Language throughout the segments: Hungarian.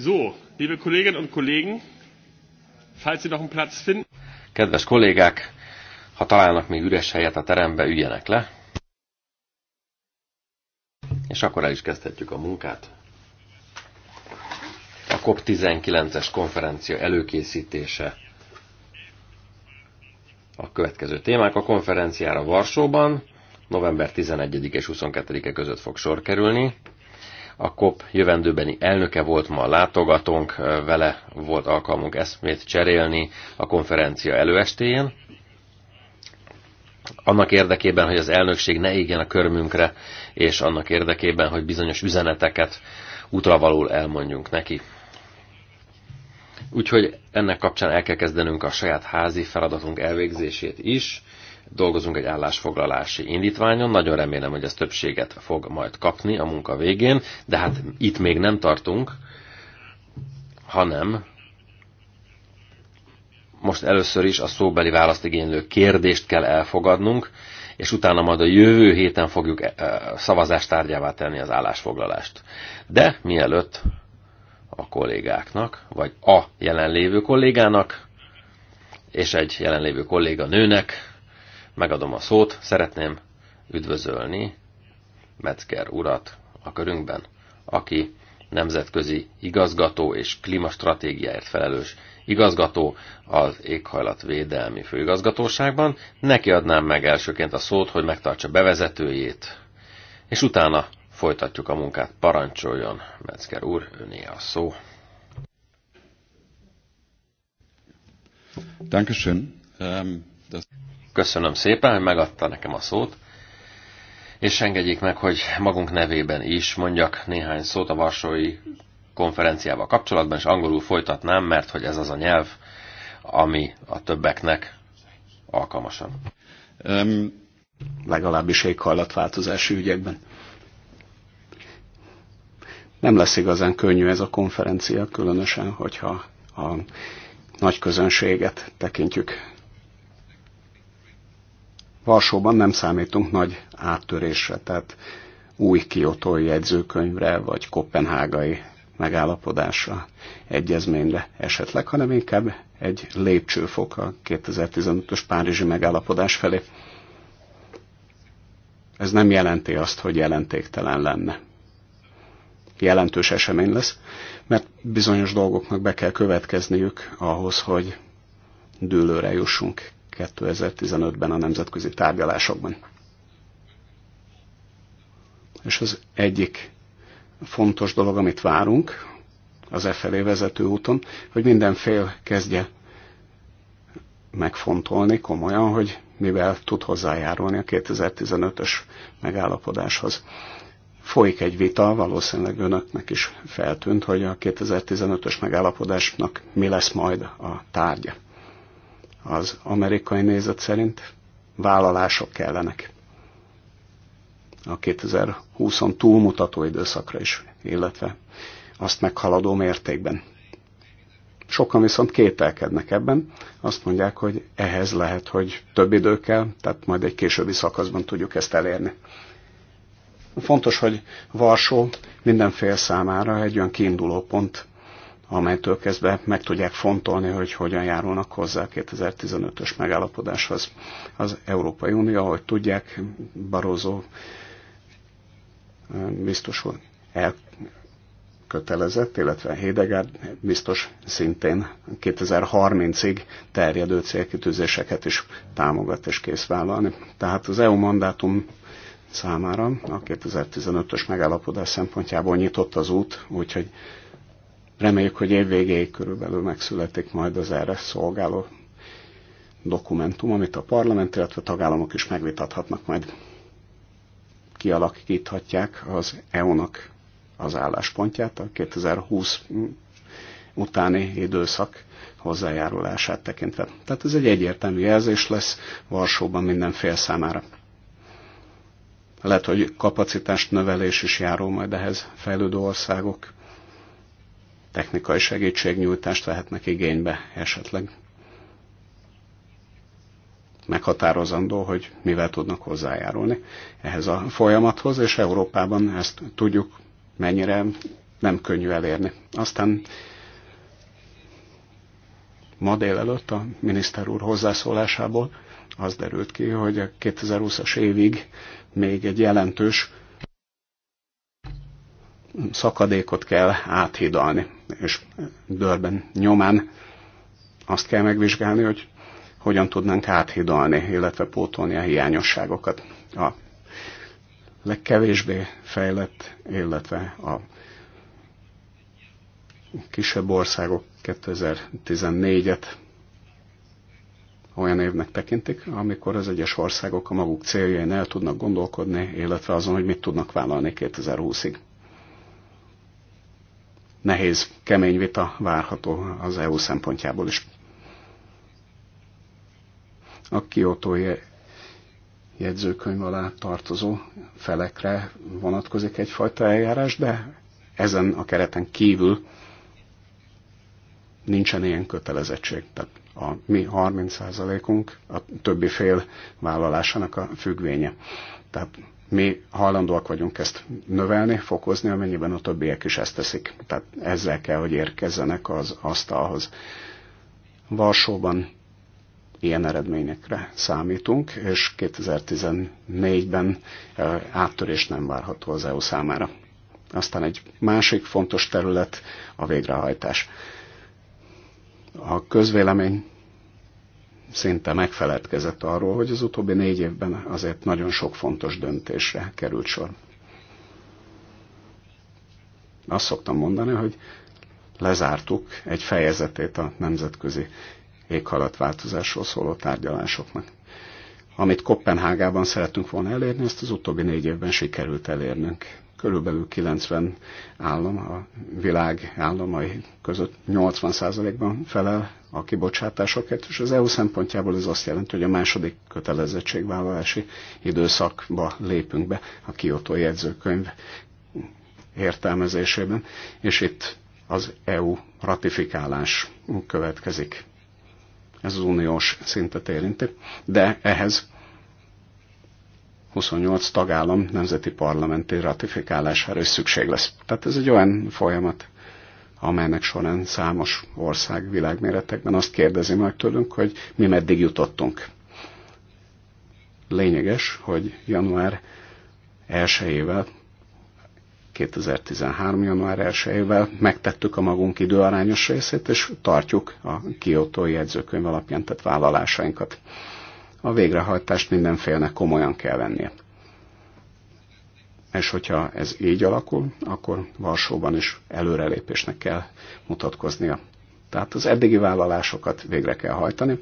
So, liebe Kolleginnen und Kollegen, falls Sie noch einen Platz finden. Kedves kollégák, ha találnak még üres helyet a terembe, üljenek le. És akkor el is kezdhetjük a munkát. A COP19-es konferencia előkészítése a következő témák. A konferenciára Varsóban november 11 és 22-e között fog sor kerülni a COP jövendőbeni elnöke volt ma a látogatónk, vele volt alkalmunk eszmét cserélni a konferencia előestéjén. Annak érdekében, hogy az elnökség ne égjen a körmünkre, és annak érdekében, hogy bizonyos üzeneteket útravalul elmondjunk neki. Úgyhogy ennek kapcsán el kell kezdenünk a saját házi feladatunk elvégzését is, dolgozunk egy állásfoglalási indítványon. Nagyon remélem, hogy ez többséget fog majd kapni a munka végén, de hát itt még nem tartunk, hanem most először is a szóbeli választigénylő kérdést kell elfogadnunk, és utána majd a jövő héten fogjuk e, e, szavazást tárgyává tenni az állásfoglalást. De mielőtt a kollégáknak, vagy a jelenlévő kollégának, és egy jelenlévő kolléga nőnek megadom a szót, szeretném üdvözölni Metzger urat a körünkben, aki nemzetközi igazgató és klímastratégiáért felelős igazgató az éghajlatvédelmi főigazgatóságban. Neki adnám meg elsőként a szót, hogy megtartsa bevezetőjét, és utána folytatjuk a munkát. Parancsoljon, Metzger úr, öné a szó. Dankeschön. Ähm, Köszönöm szépen, hogy megadta nekem a szót, és engedjék meg, hogy magunk nevében is mondjak néhány szót a Varsói konferenciával kapcsolatban, és angolul folytatnám, mert hogy ez az a nyelv, ami a többeknek alkalmasan. Um, legalábbis éghajlatváltozási ügyekben. Nem lesz igazán könnyű ez a konferencia, különösen, hogyha a nagy közönséget tekintjük Varsóban nem számítunk nagy áttörésre, tehát új kiotói jegyzőkönyvre, vagy kopenhágai megállapodásra, egyezményre esetleg, hanem inkább egy lépcsőfok a 2015-ös Párizsi megállapodás felé. Ez nem jelenti azt, hogy jelentéktelen lenne. Jelentős esemény lesz, mert bizonyos dolgoknak be kell következniük ahhoz, hogy dőlőre jussunk 2015-ben a nemzetközi tárgyalásokban. És az egyik fontos dolog, amit várunk az e felé vezető úton, hogy minden fél kezdje megfontolni komolyan, hogy mivel tud hozzájárulni a 2015-ös megállapodáshoz. Folyik egy vita, valószínűleg önöknek is feltűnt, hogy a 2015-ös megállapodásnak mi lesz majd a tárgya az amerikai nézet szerint vállalások kellenek a 2020-on túlmutató időszakra is, illetve azt meghaladó mértékben. Sokan viszont kételkednek ebben, azt mondják, hogy ehhez lehet, hogy több idő kell, tehát majd egy későbbi szakaszban tudjuk ezt elérni. Fontos, hogy Varsó mindenféle számára egy olyan kiinduló pont amelytől kezdve meg tudják fontolni, hogy hogyan járulnak hozzá a 2015-ös megállapodáshoz. Az Európai Unió, ahogy tudják, Barózó eh, biztos elkötelezett, illetve Hédegárd biztos szintén 2030-ig terjedő célkitűzéseket is támogat és kész vállalni. Tehát az EU mandátum számára a 2015-ös megállapodás szempontjából nyitott az út, úgyhogy Reméljük, hogy évvégéig körülbelül megszületik majd az erre szolgáló dokumentum, amit a parlament, illetve a tagállamok is megvitathatnak majd. Kialakíthatják az EU-nak az álláspontját a 2020 utáni időszak hozzájárulását tekintve. Tehát ez egy egyértelmű jelzés lesz Varsóban minden fél számára. Lehet, hogy kapacitást növelés is járó majd ehhez fejlődő országok technikai segítségnyújtást vehetnek igénybe esetleg. Meghatározandó, hogy mivel tudnak hozzájárulni ehhez a folyamathoz, és Európában ezt tudjuk mennyire nem könnyű elérni. Aztán ma délelőtt a miniszter úr hozzászólásából az derült ki, hogy a 2020-as évig még egy jelentős szakadékot kell áthidalni és Dörben nyomán azt kell megvizsgálni, hogy hogyan tudnánk áthidalni, illetve pótolni a hiányosságokat. A legkevésbé fejlett, illetve a kisebb országok 2014-et olyan évnek tekintik, amikor az egyes országok a maguk céljain el tudnak gondolkodni, illetve azon, hogy mit tudnak vállalni 2020-ig nehéz, kemény vita várható az EU szempontjából is. A kiotói jegyzőkönyv alá tartozó felekre vonatkozik egyfajta eljárás, de ezen a kereten kívül nincsen ilyen kötelezettség. Tehát a mi 30%-unk a többi fél vállalásának a függvénye. Tehát mi hajlandóak vagyunk ezt növelni, fokozni, amennyiben a többiek is ezt teszik. Tehát ezzel kell, hogy érkezzenek az asztalhoz. Varsóban ilyen eredményekre számítunk, és 2014-ben áttörés nem várható az EU számára. Aztán egy másik fontos terület a végrehajtás. A közvélemény szinte megfeledkezett arról, hogy az utóbbi négy évben azért nagyon sok fontos döntésre került sor. Azt szoktam mondani, hogy lezártuk egy fejezetét a nemzetközi éghalatváltozásról szóló tárgyalásoknak amit Kopenhágában szerettünk volna elérni, ezt az utóbbi négy évben sikerült elérnünk. Körülbelül 90 állam, a világ államai között 80%-ban felel a kibocsátásokért, és az EU szempontjából ez azt jelenti, hogy a második kötelezettségvállalási időszakba lépünk be a Kyoto jegyzőkönyv értelmezésében, és itt az EU ratifikálás következik ez az uniós szintet érinti, de ehhez 28 tagállam nemzeti parlamenti ratifikálására is szükség lesz. Tehát ez egy olyan folyamat, amelynek során számos ország világméretekben azt kérdezi meg tőlünk, hogy mi meddig jutottunk. Lényeges, hogy január 1-ével 2013. január 1-ével megtettük a magunk időarányos részét, és tartjuk a kiotói jegyzőkönyv alapján tett vállalásainkat. A végrehajtást mindenfélnek komolyan kell vennie. És hogyha ez így alakul, akkor Varsóban is előrelépésnek kell mutatkoznia. Tehát az eddigi vállalásokat végre kell hajtani,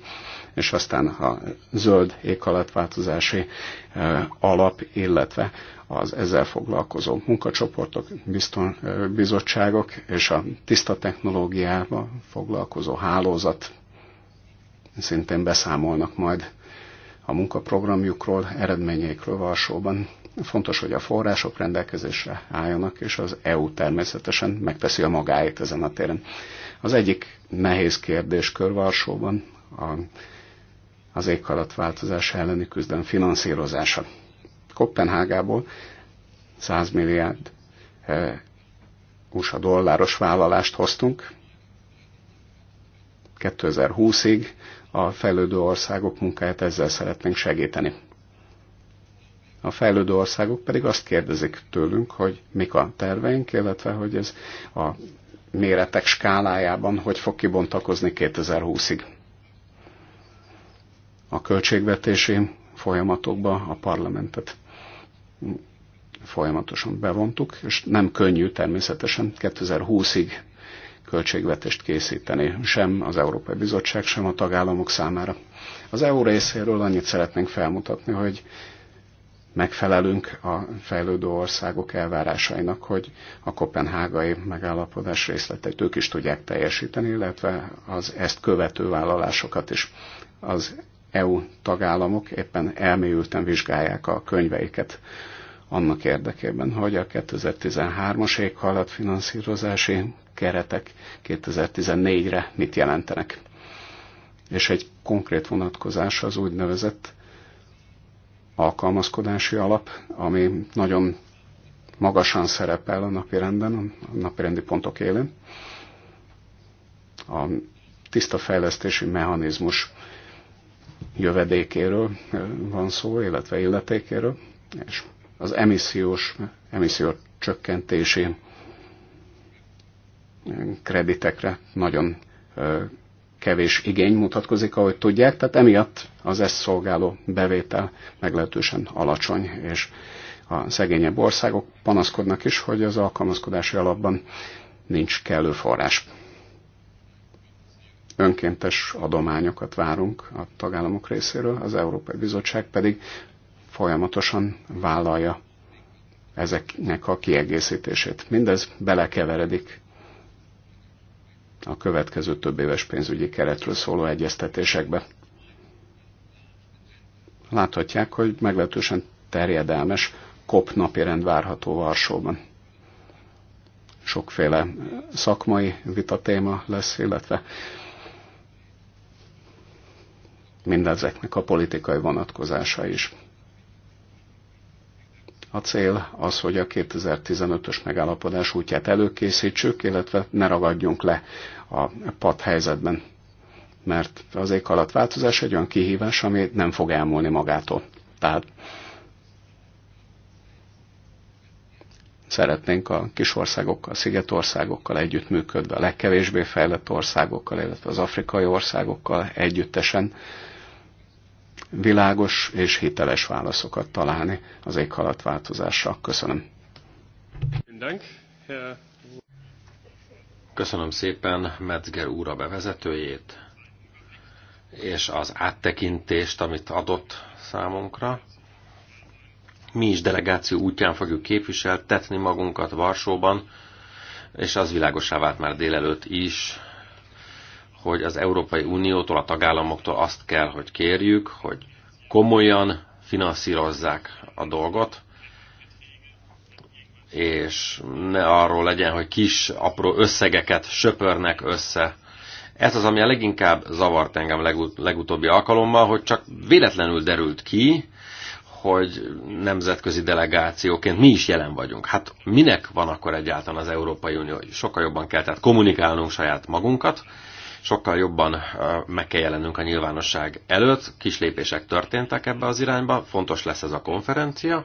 és aztán a zöld éghajlatváltozási eh, alap, illetve az ezzel foglalkozó munkacsoportok, bizton, bizottságok és a tiszta technológiával foglalkozó hálózat szintén beszámolnak majd a munkaprogramjukról, eredményeikről Varsóban. Fontos, hogy a források rendelkezésre álljanak, és az EU természetesen megteszi a magáit ezen a téren. Az egyik nehéz kérdéskör Varsóban a, az éghajlatváltozás elleni küzdelem finanszírozása. Kopenhágából 100 milliárd eh, USA dolláros vállalást hoztunk 2020-ig, a fejlődő országok munkáját ezzel szeretnénk segíteni. A fejlődő országok pedig azt kérdezik tőlünk, hogy mik a terveink, illetve hogy ez a méretek skálájában hogy fog kibontakozni 2020-ig. A költségvetési folyamatokba a parlamentet folyamatosan bevontuk, és nem könnyű természetesen 2020-ig költségvetést készíteni, sem az Európai Bizottság, sem a tagállamok számára. Az EU részéről annyit szeretnénk felmutatni, hogy megfelelünk a fejlődő országok elvárásainak, hogy a kopenhágai megállapodás részleteit ők is tudják teljesíteni, illetve az ezt követő vállalásokat is. Az EU tagállamok éppen elmélyülten vizsgálják a könyveiket annak érdekében, hogy a 2013-as éghajlat finanszírozási keretek 2014-re mit jelentenek. És egy konkrét vonatkozás az úgynevezett alkalmazkodási alap, ami nagyon magasan szerepel a napirenden, a napirendi pontok élén. A tiszta fejlesztési mechanizmus jövedékéről van szó, illetve illetékéről, és az emissziós, emisszió csökkentési kreditekre nagyon kevés igény mutatkozik, ahogy tudják, tehát emiatt az ezt szolgáló bevétel meglehetősen alacsony, és a szegényebb országok panaszkodnak is, hogy az alkalmazkodási alapban nincs kellő forrás önkéntes adományokat várunk a tagállamok részéről, az Európai Bizottság pedig folyamatosan vállalja ezeknek a kiegészítését. Mindez belekeveredik a következő több éves pénzügyi keretről szóló egyeztetésekbe. Láthatják, hogy meglehetősen terjedelmes napi rend várható Varsóban. Sokféle szakmai vitatéma lesz, illetve mindezeknek a politikai vonatkozása is. A cél az, hogy a 2015-ös megállapodás útját előkészítsük, illetve ne ragadjunk le a pad helyzetben, mert az változás egy olyan kihívás, ami nem fog elmúlni magától. Tehát szeretnénk a kis országokkal, szigetországokkal együttműködve, a legkevésbé fejlett országokkal, illetve az afrikai országokkal együttesen világos és hiteles válaszokat találni az éghalatváltozásra. Köszönöm. Köszönöm szépen Metzger úr a bevezetőjét, és az áttekintést, amit adott számunkra. Mi is delegáció útján fogjuk képviseltetni magunkat Varsóban, és az világosá vált már délelőtt is, hogy az Európai Uniótól, a tagállamoktól azt kell, hogy kérjük, hogy komolyan finanszírozzák a dolgot, és ne arról legyen, hogy kis, apró összegeket söpörnek össze. Ez az, ami a leginkább zavart engem legut- legutóbbi alkalommal, hogy csak véletlenül derült ki, hogy nemzetközi delegációként mi is jelen vagyunk. Hát minek van akkor egyáltalán az Európai Unió? Sokkal jobban kell tehát kommunikálnunk saját magunkat, sokkal jobban meg kell jelennünk a nyilvánosság előtt. Kis lépések történtek ebbe az irányba, fontos lesz ez a konferencia,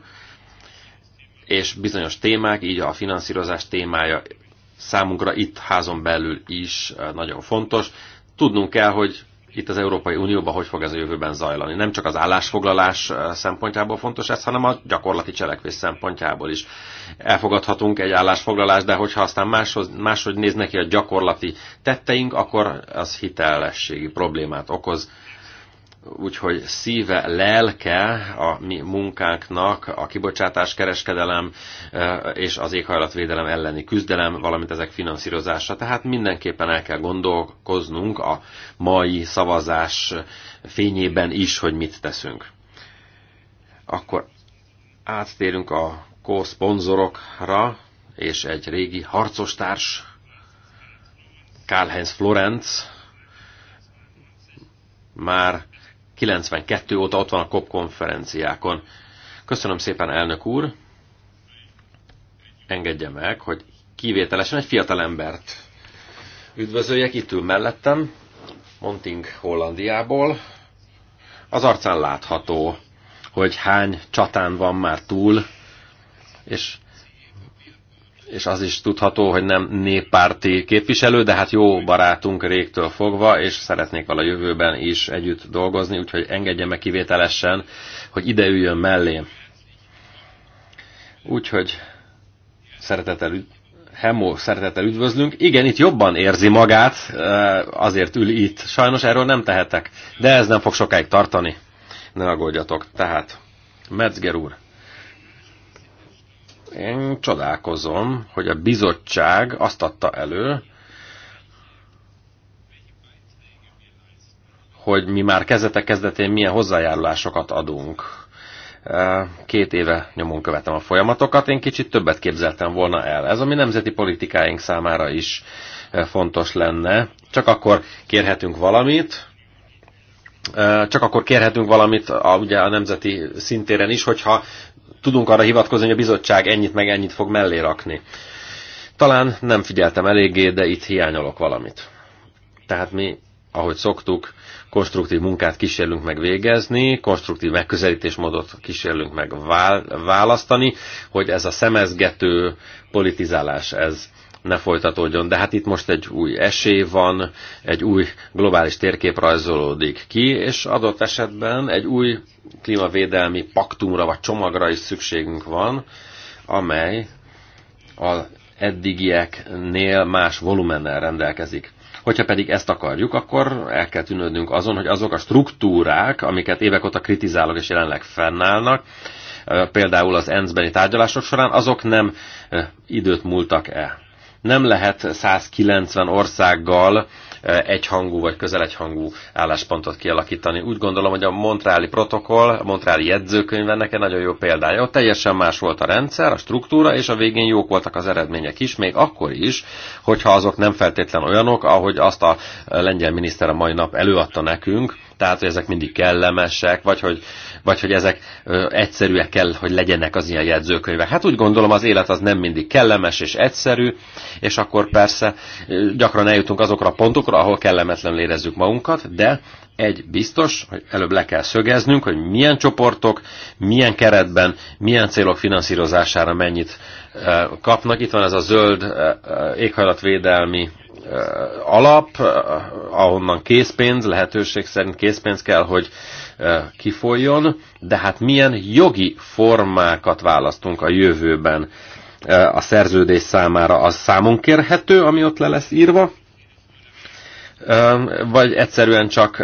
és bizonyos témák, így a finanszírozás témája számunkra itt házon belül is nagyon fontos. Tudnunk kell, hogy itt az Európai Unióban hogy fog ez a jövőben zajlani. Nem csak az állásfoglalás szempontjából fontos ez, hanem a gyakorlati cselekvés szempontjából is. Elfogadhatunk egy állásfoglalást, de hogyha aztán máshoz, máshogy néz neki a gyakorlati tetteink, akkor az hitelességi problémát okoz úgyhogy szíve, lelke a mi munkánknak a kibocsátás kereskedelem és az éghajlatvédelem elleni küzdelem, valamint ezek finanszírozása. Tehát mindenképpen el kell gondolkoznunk a mai szavazás fényében is, hogy mit teszünk. Akkor áttérünk a co-szponzorokra, és egy régi harcostárs, Karl-Heinz Florenz, már 92 óta ott van a COP konferenciákon. Köszönöm szépen, elnök úr! Engedje meg, hogy kivételesen egy fiatal embert üdvözöljek, itt ül mellettem, Monting Hollandiából. Az arcán látható, hogy hány csatán van már túl, és és az is tudható, hogy nem néppárti képviselő, de hát jó barátunk régtől fogva, és szeretnék vala jövőben is együtt dolgozni, úgyhogy engedje meg kivételesen, hogy ide üljön mellé. Úgyhogy szeretettel Hemó szeretettel üdvözlünk. Igen, itt jobban érzi magát, eh, azért ül itt. Sajnos erről nem tehetek, de ez nem fog sokáig tartani. Ne aggódjatok. Tehát, Metzger úr, én csodálkozom, hogy a bizottság azt adta elő, hogy mi már kezdetek kezdetén milyen hozzájárulásokat adunk. Két éve nyomon követem a folyamatokat, én kicsit többet képzeltem volna el. Ez a mi nemzeti politikáink számára is fontos lenne. Csak akkor kérhetünk valamit, csak akkor kérhetünk valamit a, ugye a nemzeti szintéren is, hogyha tudunk arra hivatkozni, hogy a bizottság ennyit meg ennyit fog mellé rakni. Talán nem figyeltem eléggé, de itt hiányolok valamit. Tehát mi, ahogy szoktuk, konstruktív munkát kísérlünk meg végezni, konstruktív megközelítésmódot kísérlünk meg választani, hogy ez a szemezgető politizálás, ez ne folytatódjon. De hát itt most egy új esély van, egy új globális térkép rajzolódik ki, és adott esetben egy új klímavédelmi paktumra vagy csomagra is szükségünk van, amely a eddigieknél más volumennel rendelkezik. Hogyha pedig ezt akarjuk, akkor el kell tűnődnünk azon, hogy azok a struktúrák, amiket évek óta kritizálok és jelenleg fennállnak, például az ENSZ-beni tárgyalások során, azok nem eh, időt múltak el. Nem lehet 190 országgal eh, egyhangú vagy közel egyhangú álláspontot kialakítani. Úgy gondolom, hogy a Montráli protokoll, a Montráli jegyzőkönyv ennek egy nagyon jó példája. Ott teljesen más volt a rendszer, a struktúra, és a végén jók voltak az eredmények is, még akkor is, hogyha azok nem feltétlen olyanok, ahogy azt a lengyel miniszter a mai nap előadta nekünk, tehát hogy ezek mindig kellemesek, vagy hogy, vagy hogy ezek ö, egyszerűek kell, hogy legyenek az ilyen jegyzőkönyvek. Hát úgy gondolom, az élet az nem mindig kellemes és egyszerű, és akkor persze gyakran eljutunk azokra a pontokra, ahol kellemetlenül érezzük magunkat, de egy biztos, hogy előbb le kell szögeznünk, hogy milyen csoportok, milyen keretben, milyen célok finanszírozására mennyit kapnak. Itt van ez a zöld éghajlatvédelmi alap, ahonnan készpénz, lehetőség szerint készpénz kell, hogy kifoljon, de hát milyen jogi formákat választunk a jövőben a szerződés számára, az számon kérhető, ami ott le lesz írva, vagy egyszerűen csak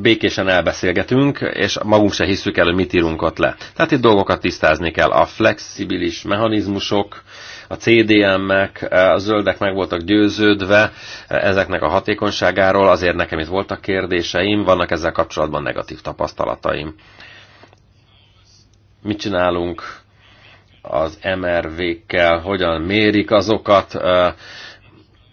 békésen elbeszélgetünk, és magunk se hiszük el, hogy mit írunk ott le. Tehát itt dolgokat tisztázni kell. A flexibilis mechanizmusok, a CDM-ek, a zöldek meg voltak győződve ezeknek a hatékonyságáról, azért nekem itt voltak kérdéseim, vannak ezzel kapcsolatban negatív tapasztalataim. Mit csinálunk az MRV-kkel, hogyan mérik azokat,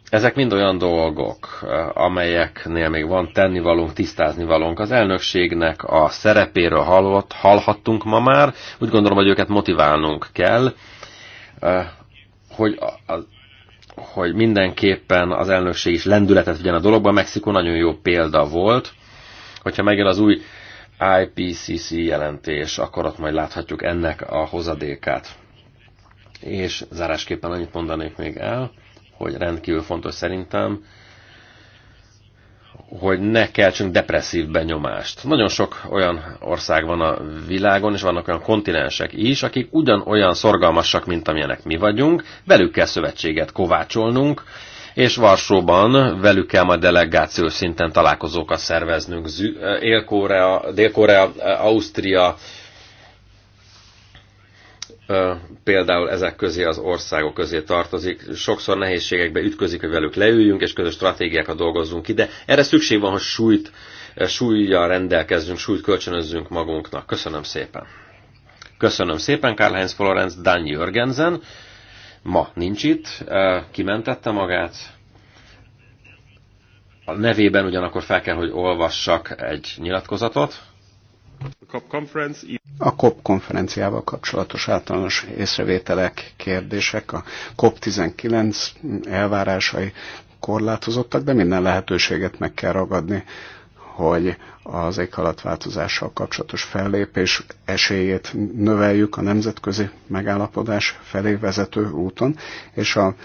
ezek mind olyan dolgok, amelyeknél még van tennivalónk, tisztáznivalónk. Az elnökségnek a szerepéről hallott, hallhattunk ma már, úgy gondolom, hogy őket motiválnunk kell hogy a, a hogy mindenképpen az elnökség is lendületet vigyen a dologban. Mexikó nagyon jó példa volt. Hogyha megjön az új IPCC jelentés, akkor ott majd láthatjuk ennek a hozadékát. És zárásképpen annyit mondanék még el, hogy rendkívül fontos szerintem, hogy ne keltsünk depresszív benyomást. Nagyon sok olyan ország van a világon, és vannak olyan kontinensek is, akik ugyanolyan szorgalmasak, mint amilyenek mi vagyunk, velük kell szövetséget kovácsolnunk, és Varsóban velük kell majd delegációs szinten találkozókat szerveznünk. Dél-Korea, Dél-Korea Ausztria, például ezek közé az országok közé tartozik. Sokszor nehézségekbe ütközik, hogy velük leüljünk, és közös stratégiákat dolgozzunk ki, de erre szükség van, hogy súlyt, súlyjal rendelkezzünk, súlyt kölcsönözzünk magunknak. Köszönöm szépen. Köszönöm szépen, Karl-Heinz Florenz, Dan Jörgensen. Ma nincs itt, kimentette magát. A nevében ugyanakkor fel kell, hogy olvassak egy nyilatkozatot. A COP konferenciával kapcsolatos általános észrevételek, kérdések, a COP19 elvárásai korlátozottak, de minden lehetőséget meg kell ragadni, hogy az éghalatváltozással kapcsolatos fellépés esélyét növeljük a nemzetközi megállapodás felé vezető úton, és a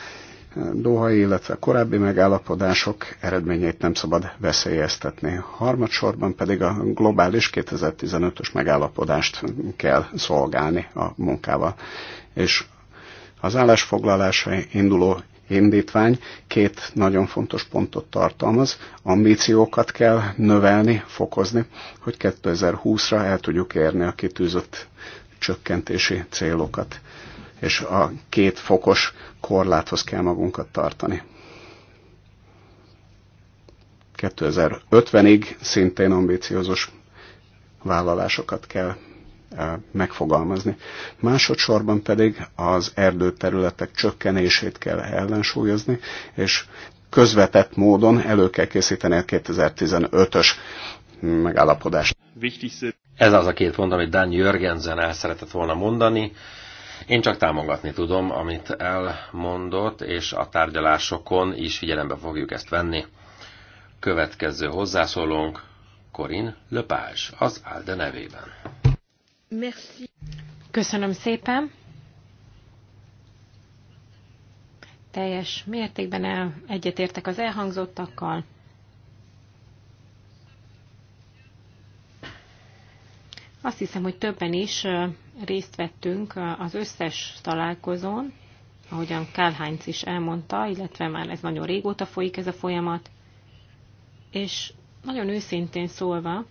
Dohai, illetve korábbi megállapodások eredményeit nem szabad veszélyeztetni. Harmadsorban pedig a globális 2015-ös megállapodást kell szolgálni a munkával. És az állásfoglalásra induló indítvány két nagyon fontos pontot tartalmaz. Ambíciókat kell növelni, fokozni, hogy 2020-ra el tudjuk érni a kitűzött csökkentési célokat és a két fokos korláthoz kell magunkat tartani. 2050-ig szintén ambíciózus vállalásokat kell eh, megfogalmazni. Másodszorban pedig az erdőterületek csökkenését kell ellensúlyozni, és közvetett módon elő kell készíteni a 2015-ös megállapodást. Ez az a két pont, amit Dan Jörgensen el szeretett volna mondani. Én csak támogatni tudom, amit elmondott, és a tárgyalásokon is figyelembe fogjuk ezt venni. Következő hozzászólónk Corinne Lepage, az Alde nevében. Merci. Köszönöm szépen. Teljes mértékben el, egyetértek az elhangzottakkal. Azt hiszem, hogy többen is részt vettünk az összes találkozón, ahogyan Heinz is elmondta, illetve már ez nagyon régóta folyik ez a folyamat, és nagyon őszintén szólva,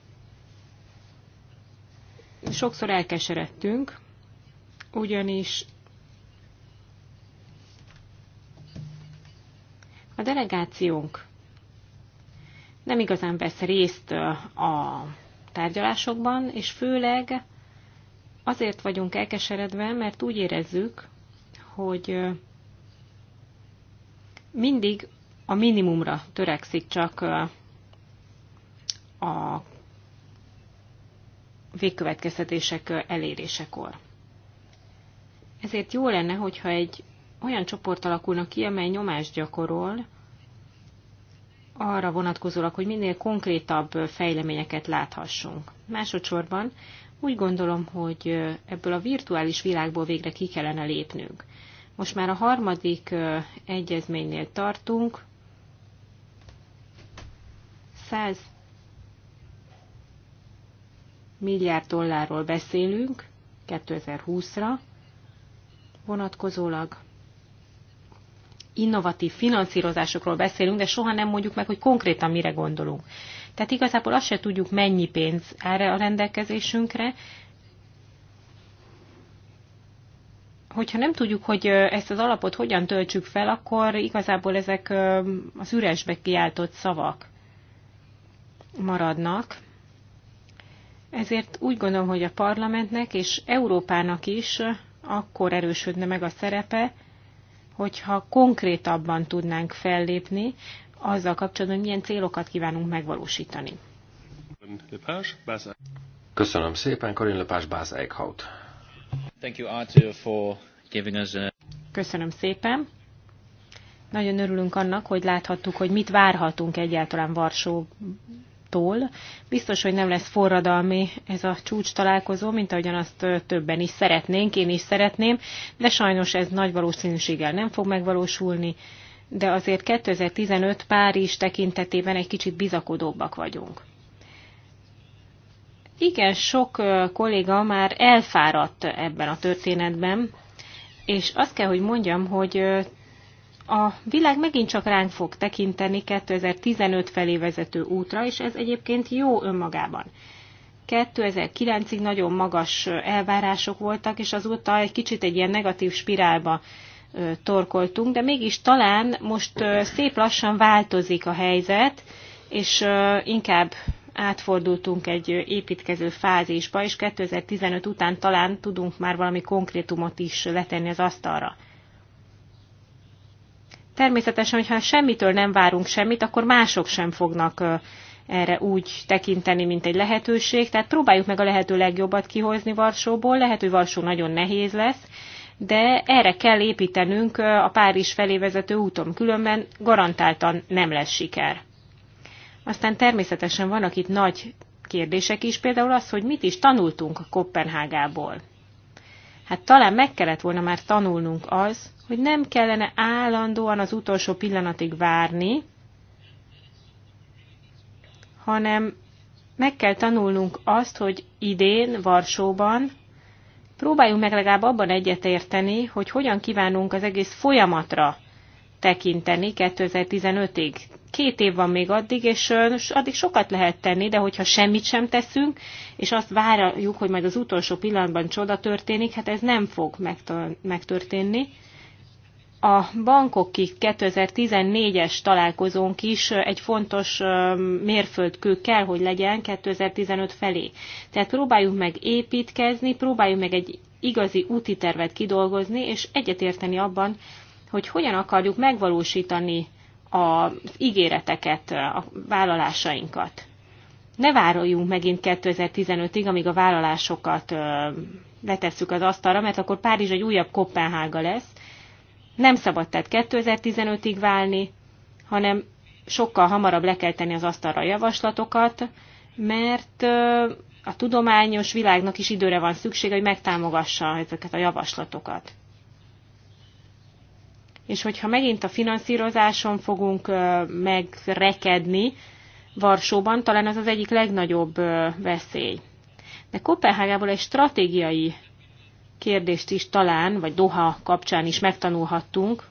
sokszor elkeseredtünk, ugyanis a delegációnk nem igazán vesz részt a tárgyalásokban, és főleg azért vagyunk elkeseredve, mert úgy érezzük, hogy mindig a minimumra törekszik csak a végkövetkeztetések elérésekor. Ezért jó lenne, hogyha egy olyan csoport alakulna ki, amely nyomást gyakorol arra vonatkozólag, hogy minél konkrétabb fejleményeket láthassunk. Másodszorban úgy gondolom, hogy ebből a virtuális világból végre ki kellene lépnünk. Most már a harmadik egyezménynél tartunk. 100 milliárd dollárról beszélünk 2020-ra vonatkozólag innovatív finanszírozásokról beszélünk, de soha nem mondjuk meg, hogy konkrétan mire gondolunk. Tehát igazából azt se tudjuk, mennyi pénz erre a rendelkezésünkre, hogyha nem tudjuk, hogy ezt az alapot hogyan töltsük fel, akkor igazából ezek az üresbe kiáltott szavak maradnak. Ezért úgy gondolom, hogy a parlamentnek és Európának is akkor erősödne meg a szerepe, hogyha konkrétabban tudnánk fellépni azzal kapcsolatban, hogy milyen célokat kívánunk megvalósítani. Köszönöm szépen, Karin Lepás Báz Eichhaut. Köszönöm szépen. Nagyon örülünk annak, hogy láthattuk, hogy mit várhatunk egyáltalán Varsó attól. Biztos, hogy nem lesz forradalmi ez a csúcs találkozó, mint ahogyan azt többen is szeretnénk, én is szeretném, de sajnos ez nagy valószínűséggel nem fog megvalósulni, de azért 2015 Párizs tekintetében egy kicsit bizakodóbbak vagyunk. Igen, sok kolléga már elfáradt ebben a történetben, és azt kell, hogy mondjam, hogy a világ megint csak ránk fog tekinteni 2015 felé vezető útra, és ez egyébként jó önmagában. 2009-ig nagyon magas elvárások voltak, és azóta egy kicsit egy ilyen negatív spirálba torkoltunk, de mégis talán most szép lassan változik a helyzet, és inkább átfordultunk egy építkező fázisba, és 2015 után talán tudunk már valami konkrétumot is letenni az asztalra. Természetesen, hogyha semmitől nem várunk semmit, akkor mások sem fognak erre úgy tekinteni, mint egy lehetőség. Tehát próbáljuk meg a lehető legjobbat kihozni Varsóból. Lehet, hogy Varsó nagyon nehéz lesz, de erre kell építenünk a Párizs felé vezető úton, különben garantáltan nem lesz siker. Aztán természetesen vannak itt nagy kérdések is, például az, hogy mit is tanultunk a Kopenhágából. Hát talán meg kellett volna már tanulnunk az, hogy nem kellene állandóan az utolsó pillanatig várni, hanem meg kell tanulnunk azt, hogy idén Varsóban próbáljunk meg legalább abban egyetérteni, hogy hogyan kívánunk az egész folyamatra tekinteni 2015-ig. Két év van még addig, és addig sokat lehet tenni, de hogyha semmit sem teszünk, és azt várjuk, hogy majd az utolsó pillanatban csoda történik, hát ez nem fog megtörténni a bankoki 2014-es találkozónk is egy fontos mérföldkő kell, hogy legyen 2015 felé. Tehát próbáljuk meg építkezni, próbáljuk meg egy igazi úti tervet kidolgozni, és egyetérteni abban, hogy hogyan akarjuk megvalósítani az ígéreteket, a vállalásainkat. Ne vároljunk megint 2015-ig, amíg a vállalásokat letesszük az asztalra, mert akkor Párizs egy újabb Kopenhága lesz, nem szabad tehát 2015-ig válni, hanem sokkal hamarabb le kell tenni az asztalra a javaslatokat, mert a tudományos világnak is időre van szüksége, hogy megtámogassa ezeket a javaslatokat. És hogyha megint a finanszírozáson fogunk megrekedni Varsóban, talán az az egyik legnagyobb veszély. De Kopenhágából egy stratégiai kérdést is talán, vagy Doha kapcsán is megtanulhattunk.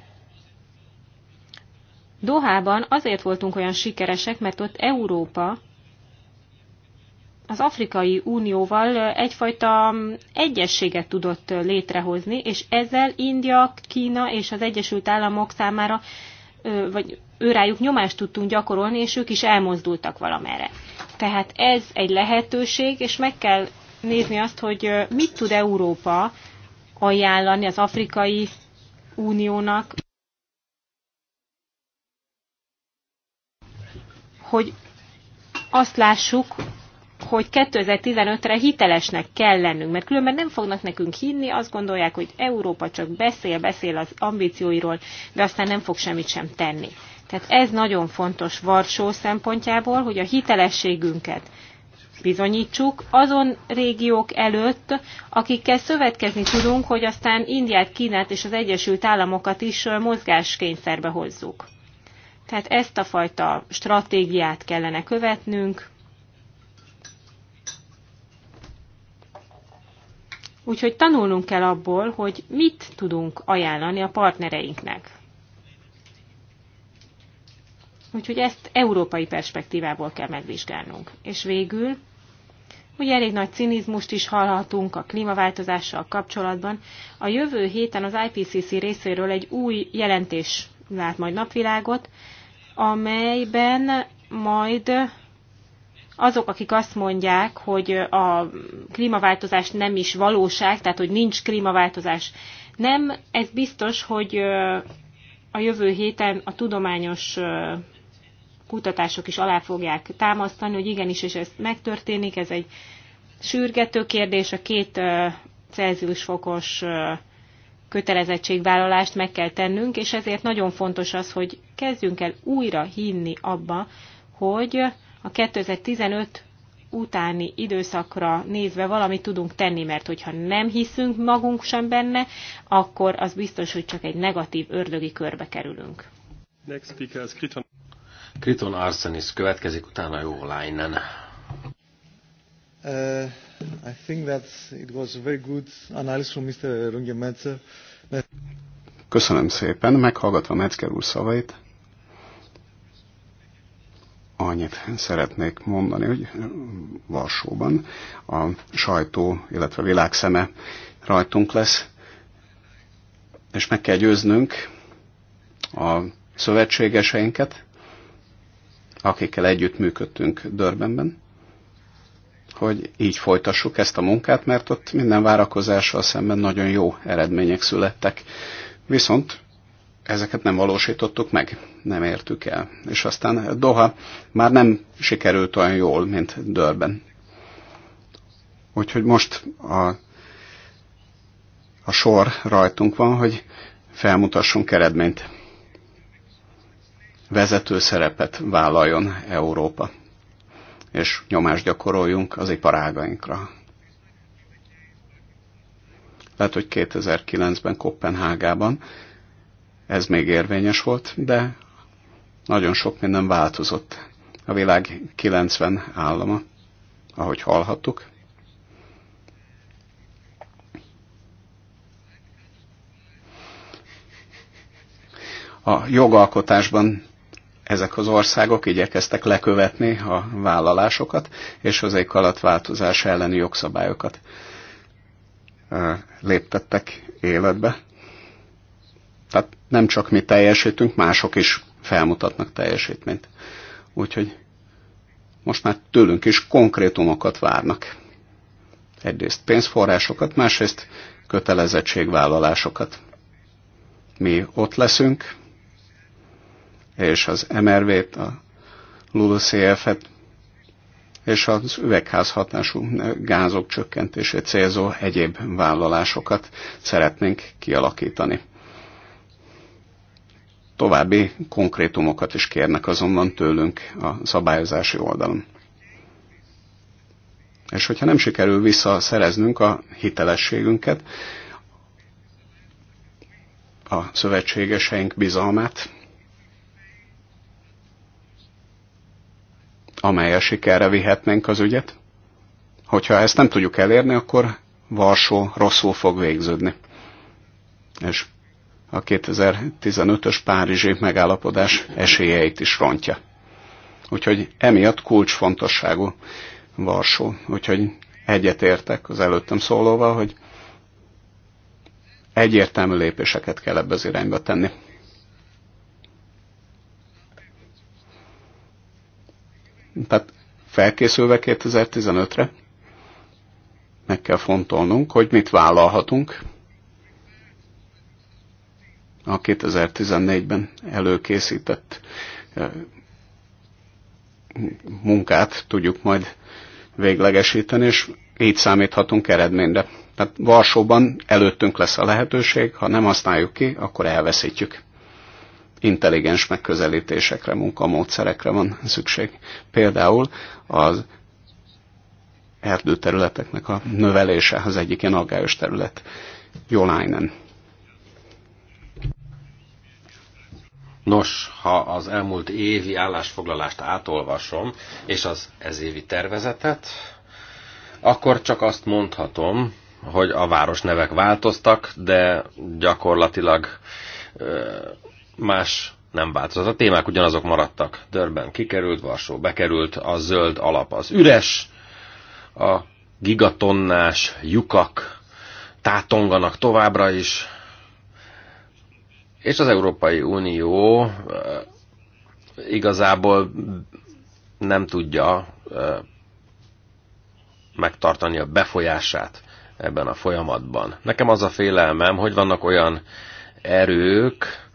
Dohában azért voltunk olyan sikeresek, mert ott Európa az Afrikai Unióval egyfajta egyességet tudott létrehozni, és ezzel India, Kína és az Egyesült Államok számára, vagy őrájuk nyomást tudtunk gyakorolni, és ők is elmozdultak valamerre. Tehát ez egy lehetőség, és meg kell nézni azt, hogy mit tud Európa ajánlani az Afrikai Uniónak, hogy azt lássuk, hogy 2015-re hitelesnek kell lennünk, mert különben nem fognak nekünk hinni, azt gondolják, hogy Európa csak beszél, beszél az ambícióiról, de aztán nem fog semmit sem tenni. Tehát ez nagyon fontos Varsó szempontjából, hogy a hitelességünket bizonyítsuk azon régiók előtt, akikkel szövetkezni tudunk, hogy aztán Indiát, Kínát és az Egyesült Államokat is mozgáskényszerbe hozzuk. Tehát ezt a fajta stratégiát kellene követnünk. Úgyhogy tanulnunk kell abból, hogy mit tudunk ajánlani a partnereinknek. Úgyhogy ezt európai perspektívából kell megvizsgálnunk. És végül Ugye elég nagy cinizmust is hallhatunk a klímaváltozással kapcsolatban. A jövő héten az IPCC részéről egy új jelentés lát majd napvilágot, amelyben majd azok, akik azt mondják, hogy a klímaváltozás nem is valóság, tehát hogy nincs klímaváltozás, nem, ez biztos, hogy a jövő héten a tudományos kutatások is alá fogják támasztani, hogy igenis, és ez megtörténik, ez egy sürgető kérdés, a két Celsius fokos kötelezettségvállalást meg kell tennünk, és ezért nagyon fontos az, hogy kezdjünk el újra hinni abba, hogy a 2015 utáni időszakra nézve valamit tudunk tenni, mert hogyha nem hiszünk magunk sem benne, akkor az biztos, hogy csak egy negatív ördögi körbe kerülünk. Next speaker is Kriton. Kriton Arsenis következik, utána jó lánynen. Uh, I think that it was a very good analysis from Mr. Metzer. Köszönöm szépen, meghallgatva Metzger úr szavait. Annyit szeretnék mondani, hogy Varsóban a sajtó, illetve világszeme rajtunk lesz, és meg kell győznünk a szövetségeseinket, akikkel együtt működtünk Dörbenben, hogy így folytassuk ezt a munkát, mert ott minden várakozással szemben nagyon jó eredmények születtek. Viszont ezeket nem valósítottuk meg, nem értük el. És aztán Doha már nem sikerült olyan jól, mint Dörben. Úgyhogy most a, a sor rajtunk van, hogy felmutassunk eredményt vezető szerepet vállaljon Európa, és nyomást gyakoroljunk az iparágainkra. Lehet, hogy 2009-ben Kopenhágában ez még érvényes volt, de nagyon sok minden változott. A világ 90 állama, ahogy hallhattuk, a jogalkotásban ezek az országok igyekeztek lekövetni a vállalásokat és az éghajlatváltozás elleni jogszabályokat léptettek életbe. Tehát nem csak mi teljesítünk, mások is felmutatnak teljesítményt. Úgyhogy most már tőlünk is konkrétumokat várnak. Egyrészt pénzforrásokat, másrészt kötelezettségvállalásokat. Mi ott leszünk, és az MRV-t, a LULUCF-et, és az üvegházhatású gázok csökkentését célzó egyéb vállalásokat szeretnénk kialakítani. További konkrétumokat is kérnek azonban tőlünk a szabályozási oldalon. És hogyha nem sikerül visszaszereznünk a hitelességünket, a szövetségeseink bizalmát, amelyel sikerre vihetnénk az ügyet. Hogyha ezt nem tudjuk elérni, akkor Varsó rosszul fog végződni. És a 2015-ös Párizsi megállapodás esélyeit is rontja. Úgyhogy emiatt kulcsfontosságú Varsó. Úgyhogy egyetértek az előttem szólóval, hogy egyértelmű lépéseket kell ebbe az irányba tenni. Tehát felkészülve 2015-re meg kell fontolnunk, hogy mit vállalhatunk a 2014-ben előkészített eh, munkát tudjuk majd véglegesíteni, és így számíthatunk eredményre. Tehát Varsóban előttünk lesz a lehetőség, ha nem használjuk ki, akkor elveszítjük intelligens megközelítésekre, munkamódszerekre van szükség. Például az erdőterületeknek a növelése az egyik ilyen aggályos terület. Jolainen. Nos, ha az elmúlt évi állásfoglalást átolvasom, és az ezévi tervezetet, akkor csak azt mondhatom, hogy a városnevek változtak, de gyakorlatilag Más nem változott. A témák ugyanazok maradtak. Dörben kikerült, Varsó bekerült, a zöld alap az üres, a gigatonnás lyukak tátonganak továbbra is, és az Európai Unió eh, igazából nem tudja eh, megtartani a befolyását ebben a folyamatban. Nekem az a félelmem, hogy vannak olyan erők,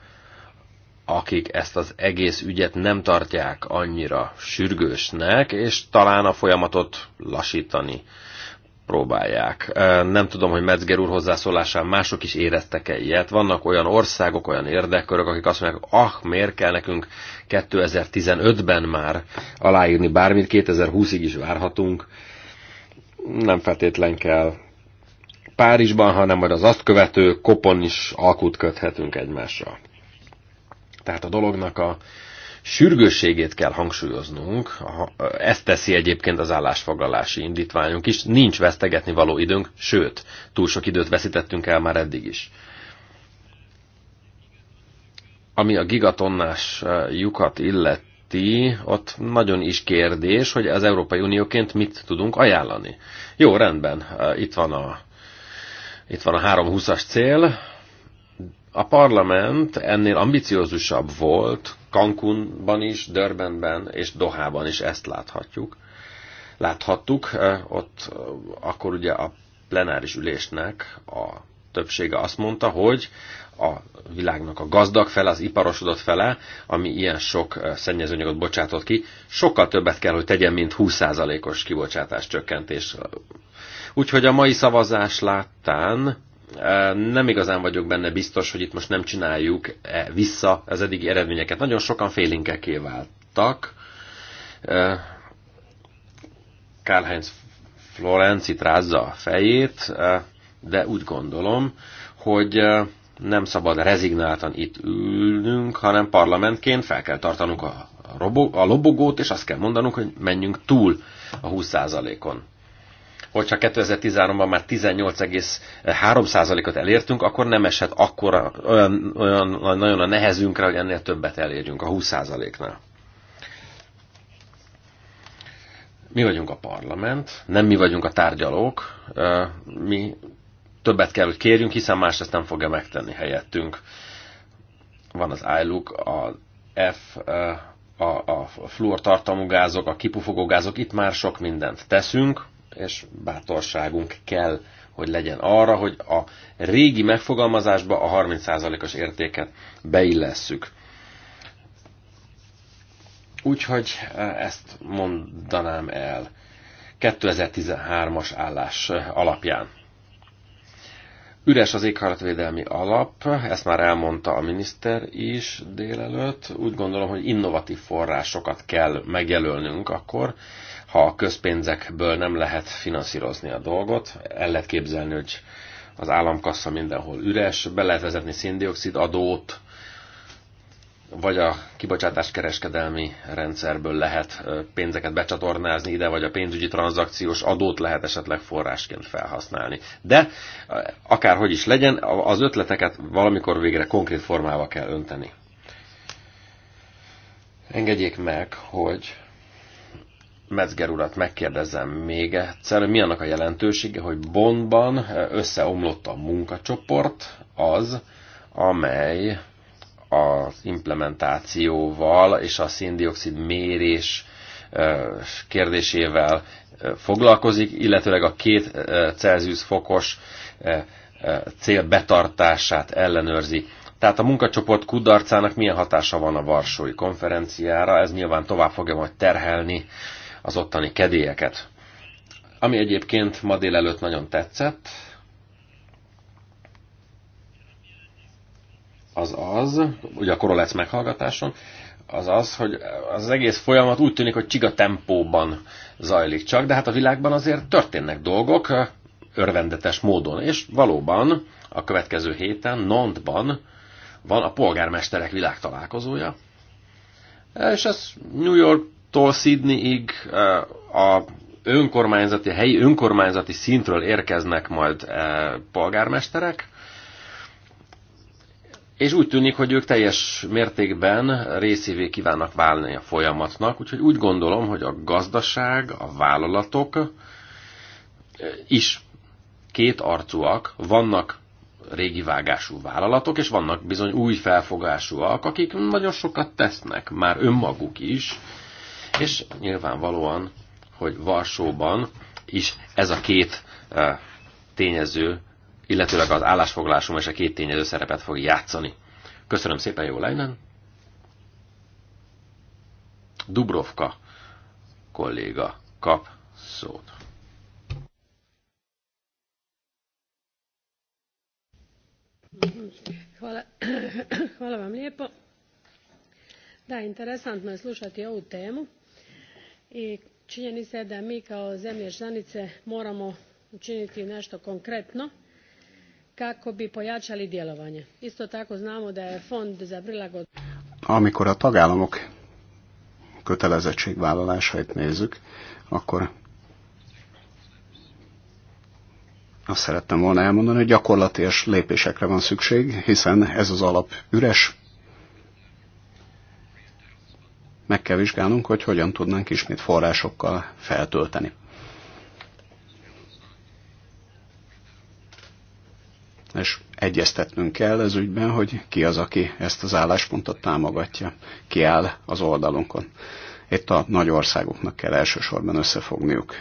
akik ezt az egész ügyet nem tartják annyira sürgősnek, és talán a folyamatot lassítani próbálják. Nem tudom, hogy Metzger úr hozzászólásán mások is éreztek-e ilyet. Vannak olyan országok, olyan érdekkörök, akik azt mondják, ah, miért kell nekünk 2015-ben már aláírni bármit, 2020-ig is várhatunk. Nem feltétlen kell Párizsban, hanem majd az azt követő kopon is alkut köthetünk egymással." Tehát a dolognak a sürgősségét kell hangsúlyoznunk, ezt teszi egyébként az állásfoglalási indítványunk is, nincs vesztegetni való időnk, sőt, túl sok időt veszítettünk el már eddig is. Ami a gigatonnás lyukat illeti, ott nagyon is kérdés, hogy az Európai Unióként mit tudunk ajánlani. Jó, rendben, itt van a, itt van a 320-as cél, a parlament ennél ambiciózusabb volt, Cancunban is, Durbanben és Dohában is ezt láthatjuk. Láthattuk, eh, ott eh, akkor ugye a plenáris ülésnek a többsége azt mondta, hogy a világnak a gazdag fele, az iparosodott fele, ami ilyen sok eh, szennyezőanyagot bocsátott ki, sokkal többet kell, hogy tegyen, mint 20%-os kibocsátás csökkentés. Úgyhogy a mai szavazás láttán nem igazán vagyok benne biztos, hogy itt most nem csináljuk e vissza az eddigi eredményeket. Nagyon sokan félinkeké váltak. Karl-Heinz Florenci rázza a fejét, de úgy gondolom, hogy nem szabad rezignáltan itt ülnünk, hanem parlamentként fel kell tartanunk a, robo- a lobogót, és azt kell mondanunk, hogy menjünk túl a 20%-on hogyha 2013-ban már 18,3%-ot elértünk, akkor nem esett akkora, olyan, olyan nagyon a nehezünkre, hogy ennél többet elérjünk a 20%-nál. Mi vagyunk a parlament, nem mi vagyunk a tárgyalók, mi többet kell, hogy kérjünk, hiszen más ezt nem fogja megtenni helyettünk. Van az ILUK, a F, a, a fluor tartalmú gázok, a kipufogó gázok, itt már sok mindent teszünk, és bátorságunk kell, hogy legyen arra, hogy a régi megfogalmazásba a 30%-os értéket beillesszük. Úgyhogy eh, ezt mondanám el 2013-as állás eh, alapján. Üres az éghajlatvédelmi alap, ezt már elmondta a miniszter is délelőtt. Úgy gondolom, hogy innovatív forrásokat kell megjelölnünk akkor, ha a közpénzekből nem lehet finanszírozni a dolgot. El lehet képzelni, hogy az államkassa mindenhol üres, be lehet vezetni széndiokszid adót, vagy a kibocsátás kereskedelmi rendszerből lehet pénzeket becsatornázni ide, vagy a pénzügyi tranzakciós adót lehet esetleg forrásként felhasználni. De akárhogy is legyen, az ötleteket valamikor végre konkrét formába kell önteni. Engedjék meg, hogy Metzger urat megkérdezem még egyszer, mi annak a jelentősége, hogy Bondban összeomlott a munkacsoport, az, amely az implementációval és a széndiokszid mérés kérdésével foglalkozik, illetőleg a két Celsius fokos cél betartását ellenőrzi. Tehát a munkacsoport kudarcának milyen hatása van a Varsói konferenciára, ez nyilván tovább fogja majd terhelni az ottani kedélyeket. Ami egyébként ma délelőtt nagyon tetszett, az az, ugye a korolec meghallgatáson, az az, hogy az egész folyamat úgy tűnik, hogy csiga tempóban zajlik csak, de hát a világban azért történnek dolgok örvendetes módon, és valóban a következő héten Nantban van a polgármesterek világtalálkozója, és ez New York Tól Sydneyig eh, a önkormányzati, a helyi önkormányzati szintről érkeznek majd eh, polgármesterek, és úgy tűnik, hogy ők teljes mértékben részévé kívánnak válni a folyamatnak, úgyhogy úgy gondolom, hogy a gazdaság, a vállalatok eh, is két arcúak, vannak régi vágású vállalatok, és vannak bizony új felfogásúak, akik nagyon sokat tesznek, már önmaguk is, és nyilvánvalóan, hogy Varsóban is ez a két e, tényező, illetőleg az állásfoglalásom és a két tényező szerepet fog játszani. Köszönöm szépen, jó lejnen! Dubrovka kolléga kap szót. Hvala, hvala vam lijepo. Da, interesantno je slušati ovu temu i činjenica je da mi kao zemlje članice moramo učiniti nešto konkretno kako bi pojačali djelovanje. Isto tako znamo da je fond za prilagodbu... Amikor a tagállamok kötelezettségvállalásait nézzük, akkor azt szerettem volna elmondani, hogy gyakorlatilag lépésekre van szükség, hiszen ez az alap üres, meg kell vizsgálnunk, hogy hogyan tudnánk ismét forrásokkal feltölteni. és egyeztetnünk kell ez ügyben, hogy ki az, aki ezt az álláspontot támogatja, ki áll az oldalunkon. Itt a nagy országoknak kell elsősorban összefogniuk.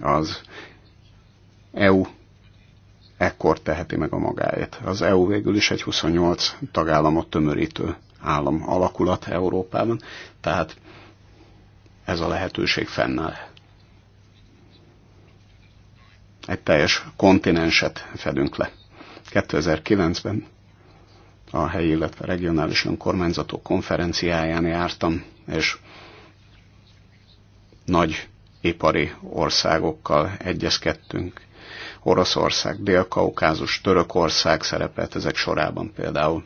Az EU ekkor teheti meg a magáét. Az EU végül is egy 28 tagállamot tömörítő állam alakulat Európában, tehát ez a lehetőség fennáll. Egy teljes kontinenset fedünk le. 2009-ben a helyi, illetve regionális önkormányzatok konferenciáján jártam, és nagy ipari országokkal egyezkedtünk. Oroszország, Dél-Kaukázus, Törökország szerepelt ezek sorában például